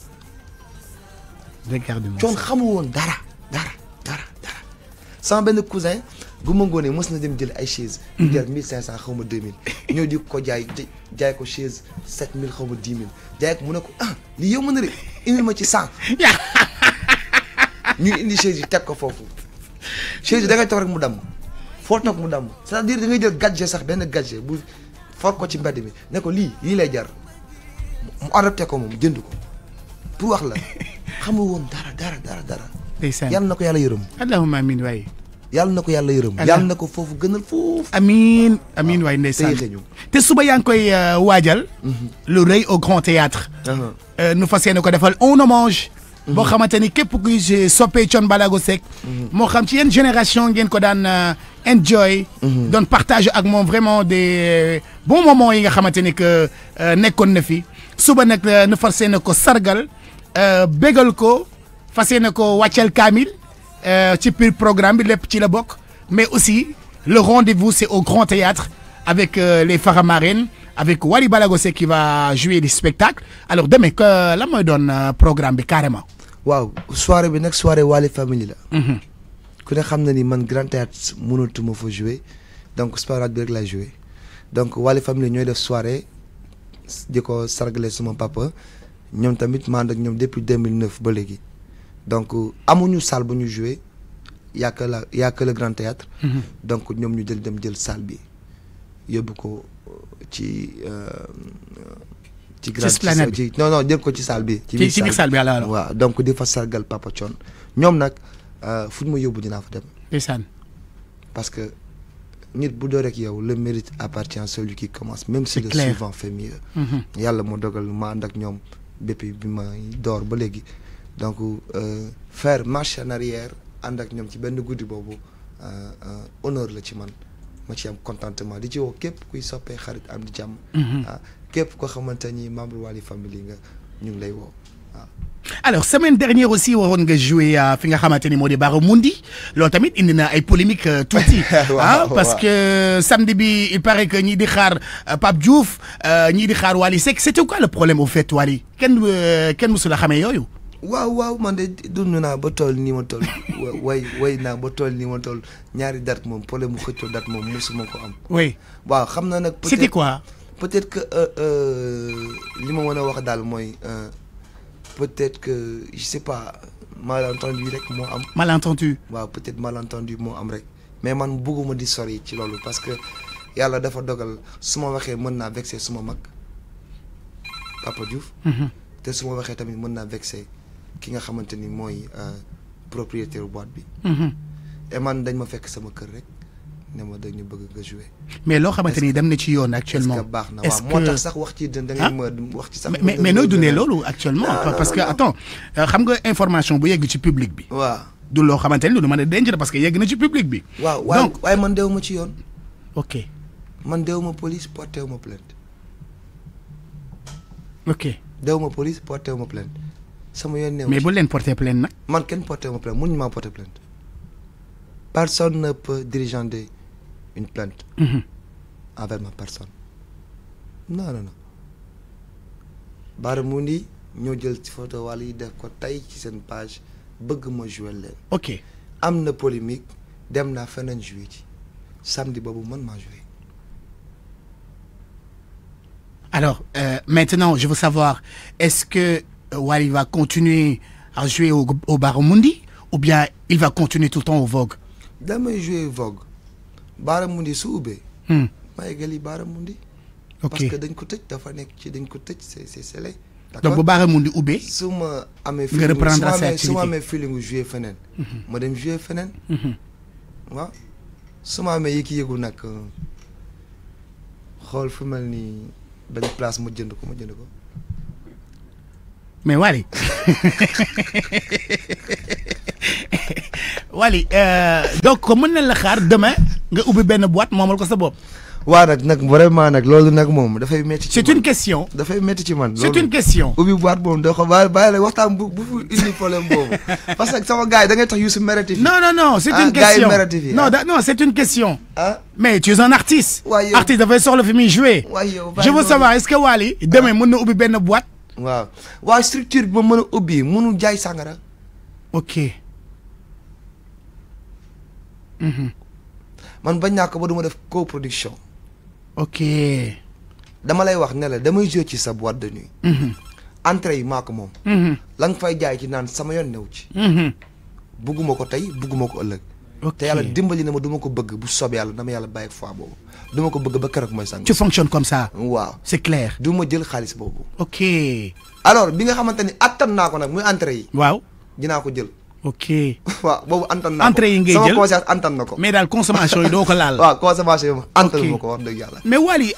regardez-moi coon xamu woon dara dara dara dara sama benn cousin bu ma ngoonee mos na dem jël ay chaise mhm. yu jar mille cinq cent xaw ma deux mille ñëw di ko jaay jaay ko chaise sept mille xaw ma dix mille jaay mu ne ko ah lii yow mën na de ma ci cent ñu indi chaise teg ko foofu chaise yi da ngay rek mu damm foot nag mu damm c'est-à-dire da ngay jël gadget sax benn gadget bu for ko ci mbedd mi ne ko lii lii lay jar mu adopté ko moom jënd ko pour wax la xamul woon dara dara dara dara. ndeysaan yàlla na ko yàlla yërëm. allahumma amin waaye. yàlla na ko yàlla yërëm. yàlla na ko foofu gënal foofu. amin, amiin waaye ndeysaan te suba yaa ngi koy euh, waajal. Mhm. le rëy au grand théâtre nu fas yéene ko defal un hommage. Mhm. boo xamante ni képp kuy soppee Thione Ballago sec mhm. moo xam ci yenn génération ngeen ko daan euh, enjoy. doon partage ak moom vraiment des euh, bons moments yi nga xamante ni que nekkoon na fi suba nag nu fas ko sargal. Euh, bégal ko fas yéene ko wàcceel le euh, ci pur programme bi lepp ci la bok mais aussi le rendez-vous c'est au Grand Théâtre avec euh, les marines avec Wali Balagosé qui va jouer le spectacle alors demain là moi donne programme bi carrément. waaw soirée bi nak soirée Wali Family la. Mhm. ku ne xam ni man Grand Théâtre monotuma faut jouer donc sparaat bi rek la jouer donc Wally Family ñoy def soirée diko ko sama papa. Nous tamit ma depuis 2009 ba donc amuñu salle buñu jouer. y'a que que le grand théâtre mhm. donc nous ñu jël dem jël salle bi a ko euh, euh, ci ci grand ci non non jël ko ci salle bi ci salle donc di fa sargal Papa chon ñom nak euh fuñu fa parce que nit bu le mérite appartient à celui qui commence même si le suivant fait mieux mhm. a mo dogal ma depuis bi ma donc euh, faire marche en arrière andak de un honneur la ci man ma contentement di ci am di suis content. Mhm. Ah, Family nga alors semaine dernière aussi on a joué fi nga xamante ni moo di Barramundi il tamit a na ay polémique euh, tuuti ah parce que euh, samedi bi il paraît que ni di xaar Pape Diouf ñii di xaar euh, Wali. c'était quoi le problème au fait Wally kenn kenn mësu la xamee Waouh, waaw waaw man de dund naa ba toll nii ma toll way way naa ba toll ni ma toll ñaari date moom problème mu xëccoo date moom mësuma ko am oui waaw xam c'était quoi peut-être que li ma mën a wax daal Euh, peut-être que je sais pas malentendu avec moi malentendu. peut-être malentendu moi mais je me di sori ci vois parce que Je dafa dogal su je waxee vexé Papa Diouf. je mhm. que tamit vexé ki nga moi euh, boîte mhm. et man dañ ma que sama me ne ma dañu bëgg nga jouer. mais lo xamanteni dem na ci yoon actuellement. est-ce que baax na waaw moo tax sax wax ci da ngay hein? ma wax ci sax. mais mais nooy dundee loolu actuellement. parce que attends euh, xam nga information bu yegg ci public bi. waaw du lo xamanteni ni lu mën a parce que yegg na ci public bi. waaw waaw waaye man deewu ci yoon. ok man deewu police porté plainte. ok deewu police porté plainte. sama yoon neewu mais bu len porter plainte nak man ken porté wu plainte mënuñu maa porter plainte. personne ne peut diriger une plainte mhm. avec ma personne. non non non Baromundi nous avons jël ci photo de def ko ci page bëgg ma jouer ok Amne polémique dem naa feneen samedi Bobo man m'a jouer. Alors, euh, maintenant, je veux savoir, est-ce que euh, Wally va continuer à jouer au, au Baromundi ou bien il va continuer tout le temps au Vogue Je jouer au Vogue. mundi su ubbee. mayugal yi baaramundi. Hmm. mundi parce que dañ ko tëj dafa nekk ci dañ ko tëj c'est c'est scellé. donc bu baaramundi ubbee. su ma amee. nga reprendre sa activité su ma amee feeling joué feneen. Mhm. ma dem joué feneen. Mhm. waaw su ma amee yëg yëgu nag euh, xool fu mel ni benn place ma jënd ko ma jënd ko. mais Wally Wally euh, donc la demain Tu ouvres une boîte ko sa vraiment c'est une question. c'est une question. boîte non non non c'est ah, une question ah. c'est une question. Ah. mais tu es un artiste. artiste Tu vas sortir le je veux savoir est-ce que Wally demain ubi boîte. waaw waaye structure bi ma mën a ubbi mënul jaay sàngara ok mhm. man bañ naa ko ba du ma def coproduction ok dama lay wax ne la damay jouer ci sa boîte de nuit mhm. entrée yi maa ko moom mhm. la fay jaay ci naan sama yoon new ci bugguma ko tey bugguma ko ëllëg te yàlla dimbali na ma duma ko bëgg bu sob yàlla dama yàlla bàyyi fois boobu dama ko bëgg ba keroog mooy sang. tu fonctionnes comme ça. waaw c'est clair. du ma jël xaalis boobu. ok. alors bi nga xamante ni attan naa ko nag muy entrée yi. waaw dinaa ko jël ok. waaw boobu antan naa ko entrée yi ngay jël sama conscience antan na ko. mais daal consommation yi doo ko laal. waaw consommation yi antan ma ko wax dëgg yàlla. mais Wally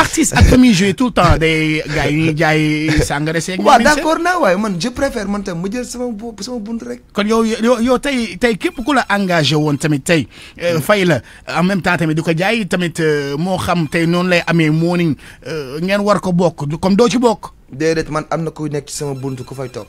artiste ak famille jouer tout le temps day gars yi ñuy jaay sangare seeg. waaw d' accord naa waaye man je préfère man tam ma jël sama sama bunt rek. kon yow yow yow tey tey képp ku la engagé woon tamit tey euh, mm. fay la en même temps tamit di ko jaay tamit euh, moo xam tey noonu lay amee morning euh, ngeen war ko bokk comme doo ci bokk. déedéet man am na ku nekk ci sama bunt ku fay toog.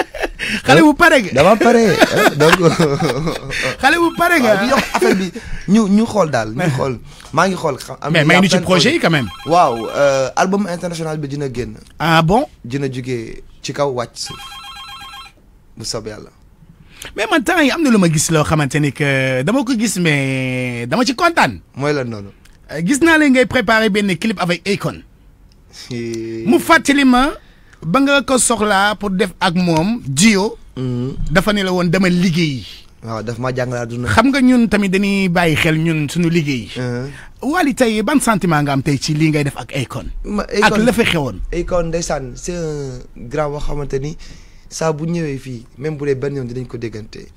xale bu pare nga dama pare donc. xale bu pare mais projet quand même. waaw euh, album international bi dina ah bon. dina jugé ci kaw bu yalla mais man temps que dama ko mais dama ci non Je lan euh, gis na ngay préparer clip avec Akon. mu ba nga ko soxla pour def ak moom jio mm. dafa ne la woon dama liggéey. waaw daf ma jàngal àdduna xam nga ñun tamit dañuy bàyyi xel ñun suñu liggéey. Uh-huh. Wally tey ban sentiment nga am tey ci lii ngay def ak Akon. ak la fa xewoon. Akon ndeysaan c'est un grand boo xamante ni saa bu ñëwee fii même bu dee benn yoon dinañ ko déggante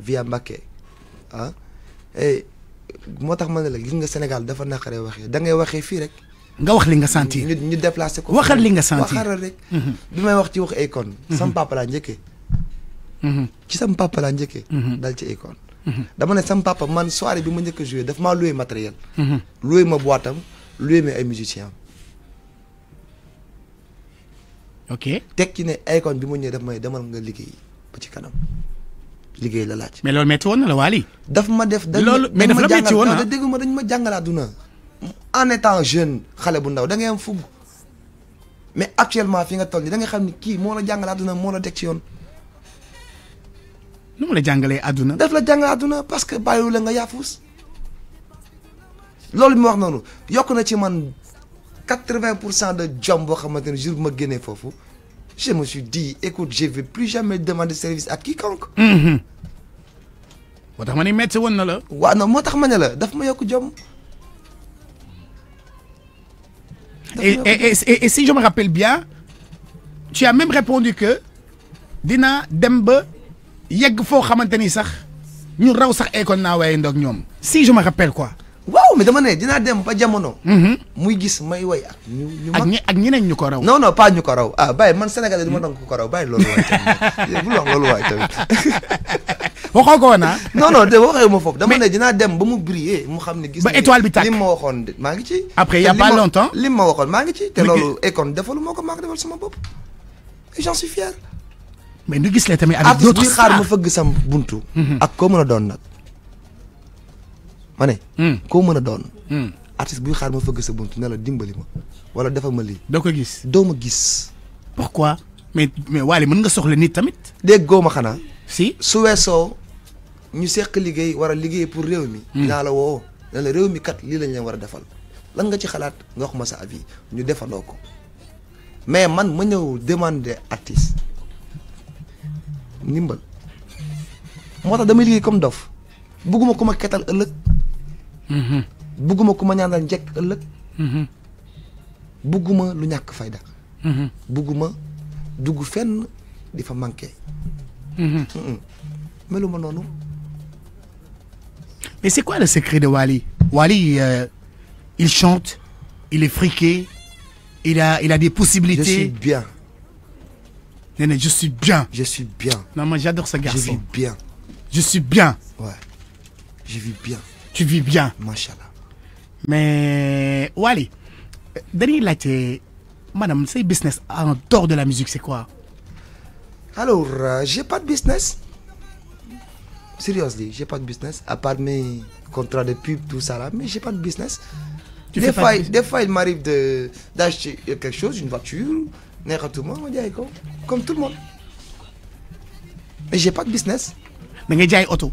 via Mbacké ah. eh, moo tax ma ne la gis nga Sénégal dafa naqaree waxee da ngay waxee fii rek. nga wax li nga sentir ñu ñu déplacé ko. waxal li nga sentir waxal rek. Mhm. bi may wax ci wax Akon. Mhm. sam papa laa njëkkee. Mhm. ci sam papa laa njëkkee. dal ci Akon. dama ne sam papa man soirée bi ma njëkk a joué daf ma boîte am ma ay musiciens am. ok ne Akon bi mu ñëwee daf may demal nga liggéey ba ci kanam. liggéey la laaj. mais loolu métti woon na la Wally. daf ma def dañ ma loolu mais daf la métti woon dañ ma jàngalaat duna. en étant jeune xale bu ndaw da ngay am mais actuellement fi nga toll nii da nga xamni ki mo la jangala aduna mo la tek ci yoon. nu mu la jàngalee aduna daf la jangala aduna parce que bàyyiwu la nga yaafus lolou bi wax noonu yok na ci man 80% de jom bo xamante jour bu ma guéné fofu je me suis dit écoute je vais plus jamais demander service à quiconque. Mhm. moo -hmm. motax ni metti won na la. wa non motax tax la daf ma yok jom. Et, et, et, et, si je me rappelle bien, tu as même répondu que dina Dembe Yegfo yegg foo xamante ni sax ñu raw sax école na ndok ñom si je me rappelle quoi. waaw mais dama ne dinaa dem ba jamono. Mhm. muy gis may way ak ñu ñu. ak ñi ak ñeneen ñu ko raw. non non pas ñu ko raw ah bàyyi man sénégalais du ma nangu ko bàyyi loolu waay tamit bu loolu waay tamit. waxoo ko woon ah. non de waxee ma foofu dama ne dinaa dem ba mu briller mu xam ne. gis ba étoile bi tàkk li ma waxoon maa ngi ci. après y' a pas longtemps li ma waxoon maa ngi ci. te loolu école defalu moo ko maa ko defal sama bopp. et j'en mais ñu gis la tamit. avec ah, d'autres xaar ma fëgg sam buntu. Mhm. ak koo doon nag. ma ne. Hmm. koo mën a doon. Hmm. artiste buy xaar ma fëgg sa bunt ne la dimbali ma wala defal ma lii. doo ko gis doo ma gis. quoi mais mais Wally mën nga soxla nit tamit. déggoo ma xanaa. si su weesoo ñu seq liggéey war a liggéey pour réew mi. Hmm. naa la woo ne réew mi kat lii lañ leen war a defal lan nga ci xalaat nga wax ma sa avis ñu defandoo ko mais man ma ñëw demander artiste ndimbal moo tax dama liggéey comme dof bugguma ku ma ketal ëllëg. Mm-hmm. bugguma ku ma ñaanal njëkk ëllëg mm-hmm. buguma lu ñàkk fayda mm-hmm. bugguma dugg fenn di fa manqué meluma noonu mais c'est quoi le secret de wali Wally euh, il chante il est friqué il a il a des possibilités je suis bien je suis bien je suis bien non moi j'adore ce garçon je vis bien je suis bien ouais je vis bien tu vis bien. Machallah. Mais, Wally, Daniel là, Madame, c'est business en dehors de la musique, c'est quoi Alors, euh, j'ai pas de business. Sérieusement, j'ai pas de business, à part mes contrats de pub, tout ça là, mais j'ai pas de business. Tu des, fois, des fois, il m'arrive d'acheter quelque chose, une voiture, n'importe comme tout le monde. Mais j'ai pas de business. Mais j'ai auto.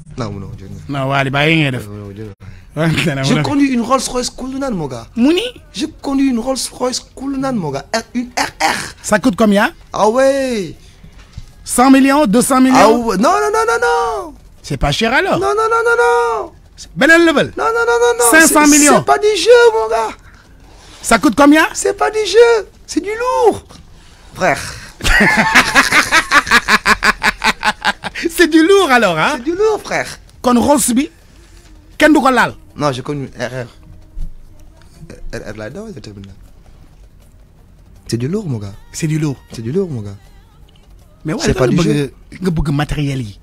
J'ai conduit une Rolls Royce cool nan mon gars. Muni, Je J'ai une Rolls Royce cool nan mon gars une RR. ça coûte combien. ah ouais. 100 millions 200 millions. Ah non non non non non. c'est pas cher alors. non non non non non. beneen level. non non non non 500 millions c'est pas du jeu mon gars. ça coûte combien. c'est pas du jeu c'est du lourd. frère. c'est du lourd alors hein? c'est du lourd frère. kon Rosby bi nous non j'ai connu RR Elle dawal c'est du lourd mon gars. c'est du lourd c'est du lourd mon gars. mais pas pas du nga bëgg matériel yi.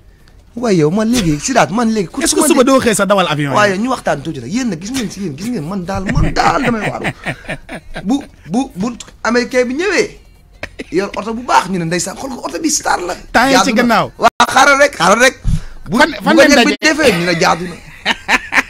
waaye yo man C'est Sidaat man léegi. est-ce que suba ça dawal avion yi. ñu Y'en gis qui gis Ce man dal man américain yor oto bu baax ñu ne ndeysaan xool ko oto bi star la. temps ci gannaaw waaw xaaral rek xaaral rek. fan fan lañ daje bu bu defee ñu ne jaadu na.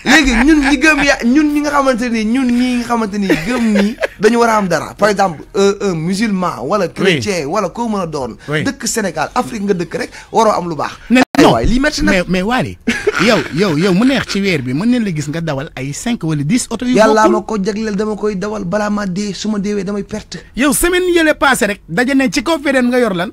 léegi ñun ñi gëm ya ñun ñi nga xamante ni ñun ñi nga xamante ni gëm nii dañu war a am dara par exemple euh, un musulman wala chrétien wala koo mën a doon dëkk Sénégal Afrique nga dëkk rek waroo am lu baax ne waay lii mat na mais waali yow yow yow mu neex ci weer bi mën nañ la gis nga dawal ay cinq wala dix oto yu yàlla ma ko jagleel dama koy dawal balaa ma dee su ma deewee damay perte yow semaine yële passé rek daje ne ci kaw fee nga yor lan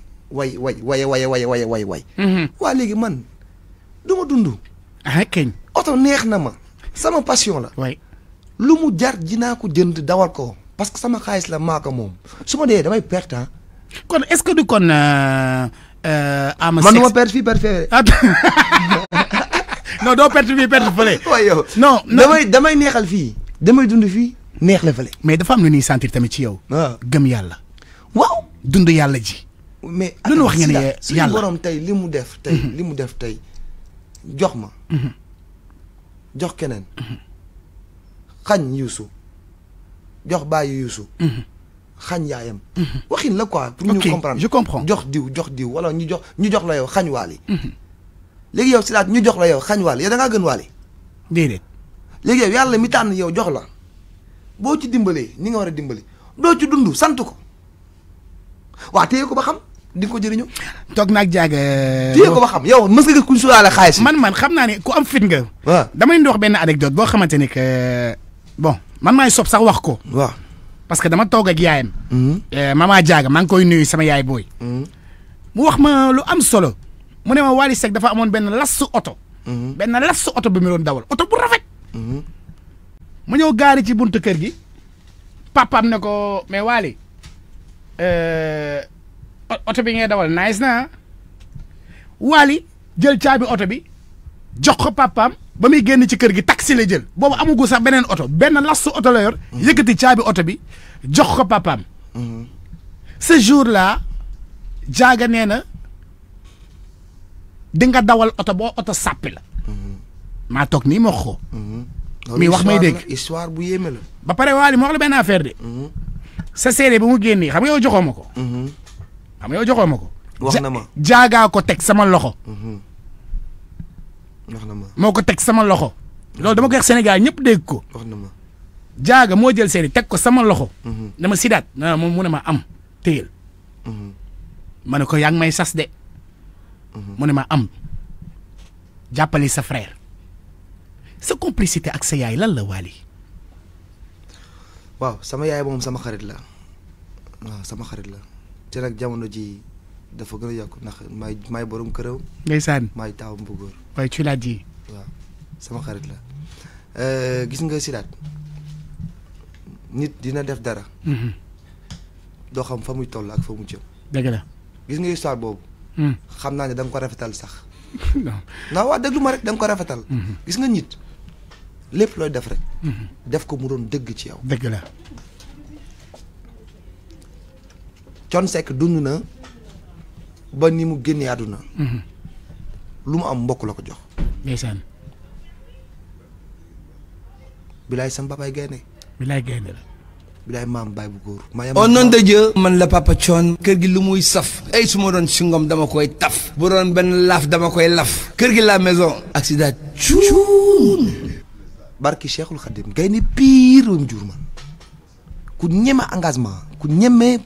way way waye waye waye waye way way mhm. waa léegi man du ma dund ah kañ oto neex na ma sama passion la way lu mu jar dinaa ko jënd dawal ko parce que sama xaalis la maa ko moom su ma dee damay perte ah. kon est-ce que du kon euh, euh, ama man du ma perte fii perte fee ah, non doo perte fii perte fële waaye yow non damay damay neexal fii damay dund fii neex la fële mais dafa am lu ñuy sentir tamit ci yow ah. gëm yàlla waaw dund yàlla ji mais lu wax ngeen yàlla suñu tey li mu def tey mm-hmm. li mu def tey jox ma mm-hmm. jox keneen mm-hmm. xañ yuusu jox bàyyi yuusu xañ yaayam waxin la quoi pour ñu comprendre jox diw jox diw wala ñu jox ñu jox la yow xañ waali léegi yow si laat ñu jox la yow xañ waali yow da gën waali déedéet léegi yow yàlla mi tànn yow jox la boo ci dimbalee ni nga war a dimbali doo ci dund sant ko waa téye ko ba xam di ko jëriñu toog dia jaaga téye ko ba xam yow mës nga kuñ man man xam naa ne ku am fit nga waaw damay ndox benn anecdote boo xamante ni que bon man maay sob sax wax ko waaw parce que dama toog ak mm-hmm. eh, mama jaga man ngi koy nuyu sama yaay boy, mm-hmm. mu wax ma lu am solo mu ne ma Wally Seck dafa amoon benn lastu oto mm-hmm. benn lastu oto bi mu doon dawal oto bu rafet mu ñëw gaari ci buntu kër gi ne ko mais euh, oto bi ngay dawal nice na wali jël caabi otobi, bi jox ko geni ba muy génn ci kër gi taxi la jël boobu amugu sax beneen joko benn lastu oto la yor. Mm-hmm. yëkkati bi jox ko mm-hmm. ce jour là jaaga nee na di nga dawal oto boo matok sàppi la. Mm-hmm. maa toog nii ma ko. mi wax may dégg histoire bu yéeme la. ba pare Wally ma wax la benn affaire de. sa mu génnee xam nga yow joxoo ma ko. xam yow joxoo ma ko. wax na ma jaagaa ko teg sama loxo. Mhm. wax na ma moo ko teg sama loxo. loolu dama koy wax Sénégal ñëpp dégg ko. wax na jaaga moo jël seeni teg ko sama loxo. dama mhm. sidaat na moom mu ne ma am téyel. Mhm. ma ne ko yaa may sas de. mu ne ma am jàppale sa frère sa complicité ak sa yaay lan la Wally. waaw sama yaay moom sama xarit la waaw sama xarit la. te nag jamono ji dafa gën a yokk ndax maay maay borom këram. ndeysaan maay taawam bu góor. waaye tu l'as dit. sama xarit la euh, gis nga Sidaat nit dina def dara. Mhm. doo xam fa muy toll ak fa mu jëm. dëgg la gis nga histoire boobu. Mhm. xam naa ne da ko rafetal sax. non non waa déglu ma rek da ko rafetal. Mhm. gis nga nit lépp looy def rek. def ko mu doon dëgg ci yow. dëgg la. Thione Seck dund na ba ni mu génnee àdduna. Mhm. lu mu am mbokk la ko jox. ndeysaan. bilaay sam babaay gaynde. bilaay gaynde la. bilaay maam baay bu góor. au oh, nom man la papa Thione. kër gi lu muy saf. ay su ma doon singom dama koy taf. bu doon benn laaf dama koy laf. kër gi la maison. accident cuun. barki Cheikhul Khadim gaynde pire wam jur ku ñeme engagement ku ñeme.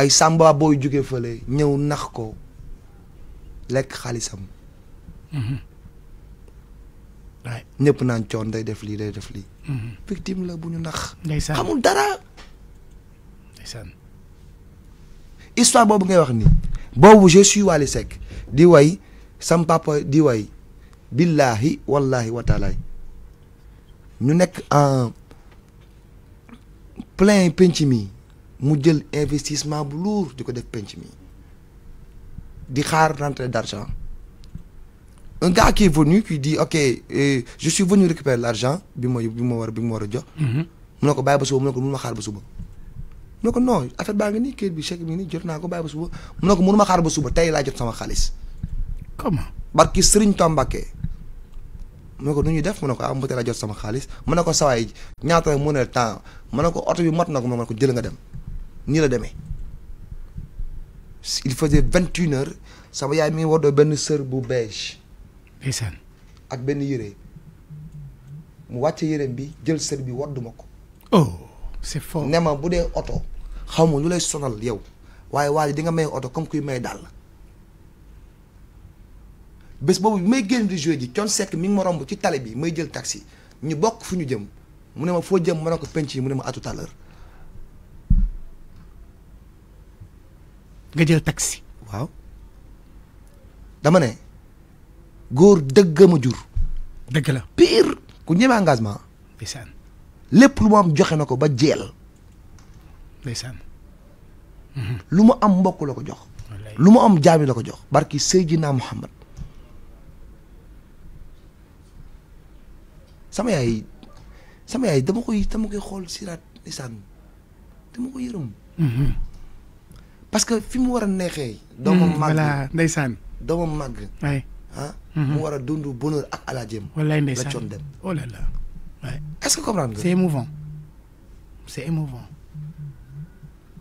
ay samba boy jóge feulé nax ko hmm ay naan day def day def mm-hmm. victime la buñu nax xamul dara histoire bobu ngay wax ni bobu je suis à di way sam papa di way en plein mu jël investissement bu lourd di ko def penc mi di xaar rentrée d'argent un gars qui est venu qui dit ok euh, je suis venu récupérer l'argent bi ma bi ma war bi ma war a jox. Mhm. mu ne ko bàyyi ba suba mu ne ko xaar ba suba. mu ne ko non affaire baa ngi nii kayit bi chèque bi nii jot naa ko bàyyi ba suba mu ne ko xaar ba suba tey laa jot sama xaalis. comment. barki Serigne Tambake. mu ne ko nu ñuy def mu ne ko ah mu tey laa jot sama xaalis mu ne ko sawaay ñaata mu ne temps mu ne ko oto bi mot na ko mu ne ko jël nga dem ni la demee il faisait 21 une heures sama yaay mi war ben sœur bu beige. ndeysaan ak ben yéré mu wàcce yéré bi jël sër bi wadd ma oh c'est fort. néma ma auto xamou lu lay sonal yow waye waaye di nga may auto comme kuy may dal bés boobu bi may génn di joué ji con sekk mi ngi ma romb ci talé bi may jël taxi ñu bok fuñu jëm mu néma fo jëm ma ne ko penc mu néma ma à tout à l'heure nga jël taxi. waaw dama ne góor dëgg ma jur. dëgg la pire. ku ñeme engagement. lépp lu mu am joxe na ko ba jeel. ndeysaan. Mhm. lu mu am mbokk la ko jox. mu am jaami la ko jox. barki Seydina Muhammad sama yaay sama yaay dama koy dama koy xool siraat ndeysaan dama ko yërëm. Mhm. parce que fi mu war a neexee. doomam hmm, màgg voilà ndeysaan. Ah, hmm. mu war a dund bonheur ak alaajem. wallaay ndeysaan la oh là là waay. est-ce que comprendre nga. c'est émouvant c'est émouvant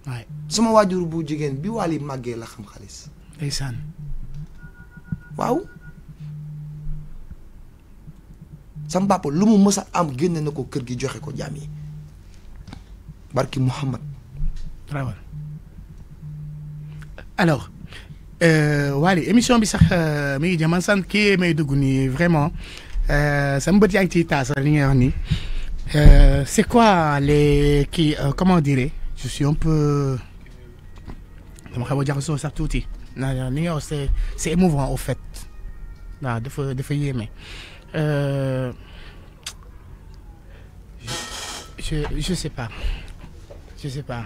waay. waajur bu jigéen bi Wally màggee la xam xaalis. ndeysaan. waaw. sama lu mu mës am génn na ko kër gi joxe ko jaam yi barki Mouhamad. alors voilà. Euh, émission bi sax euh, mi ngi jëm man sant kii may vraiment Ça euh, me yaa un ciy taas li c'est quoi les kii comment dirais je suis un peu Je me a dire sax tuuti naa li c'est c'est émouvant au fait waaw dafa dafa yéeme je je sais pas je sais pas.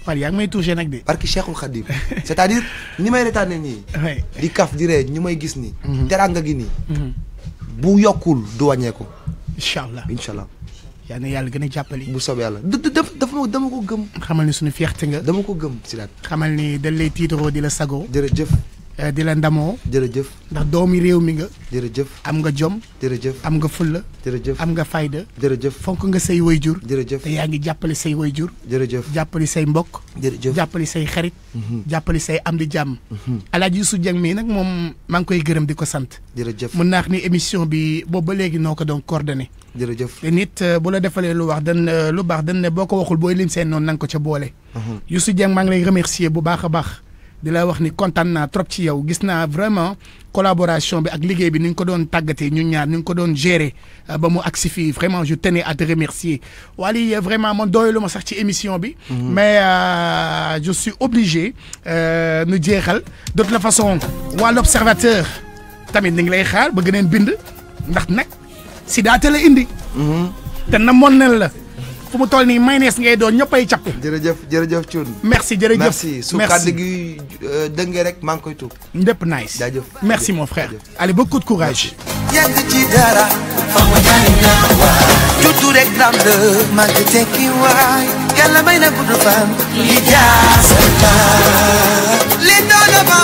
Far yaa ngi may touché nag de. barki Cheikhul Khadim c'est-à-dire ni may retaane nii. di kaf di ree ñu may gis nii. Mhm. teraanga gi nii. Mhm. bu yokkul du wàññeeku. incha allah yaa ne yàlla gën a jàppale. bu soobee yàlla dafa dama ko gëm. xamal ni suñu fierté nga. dama ko gëm xamal ni dañ lay tiitaroo di la sagoo. Eh, di la ndamoo. jëf ndax doomi réew mi nga. jërëjëf am nga jom. jërëjëf am nga fulla. jërëjëf am nga fayda. jërëjëf fonk nga say wayjur. jërëjëf te yaa ngi jàppale say wayjur. jërëjëf jàppale say mbokk. jërëjëf jàppale say xarit. Mhm. jàppale say am di jàmm. Mhm. Alaaji Youssou Dieng mii nag moom maa ngi koy gërëm di ko sant. jërëjëf mën naa wax ni émission bi boobu ba léegi noo ko doon coordonné. jërëjëf te nit eh, bu la defalee lu wax dan eh, lu baax dan ne boo ko waxul booy lim seen noonu nang ko ca boole. Mhm. Youssou Dieng maa lay remercier bu baax a baax de la wax ni kontaan trop ci yow gis na vraiment collaboration bi ak liguey bi ni ko don tàggatee ñun ñaar ni ko don gérer euh, ba mu agsi fii vraiment je tenais à te remercier Wally euh, vraiment mon doyalu ma sax ci émission bi. Mhm. mais euh, je suis obligé nu jeexal de toute façon waa observateur tamit ni ngi lay xaar bëgg neen bind ndax nak si daate la indi. Mhm. te namoon nañ la. fu mu toll nii maynees ngay doon ñëpp ay capp. jërëjëf jërëjëf Thioune. merci jërëjëf merci su kàddu gi dëngee rek maa ngi koy tuub. lépp nice jaajëf merci mon frère. allez beaucoup de courage. yàgg ci dara fa ma jaay naa juddu rek grandeur. màgg tekki waay. yàlla may na gudd fan. li jaasal li doon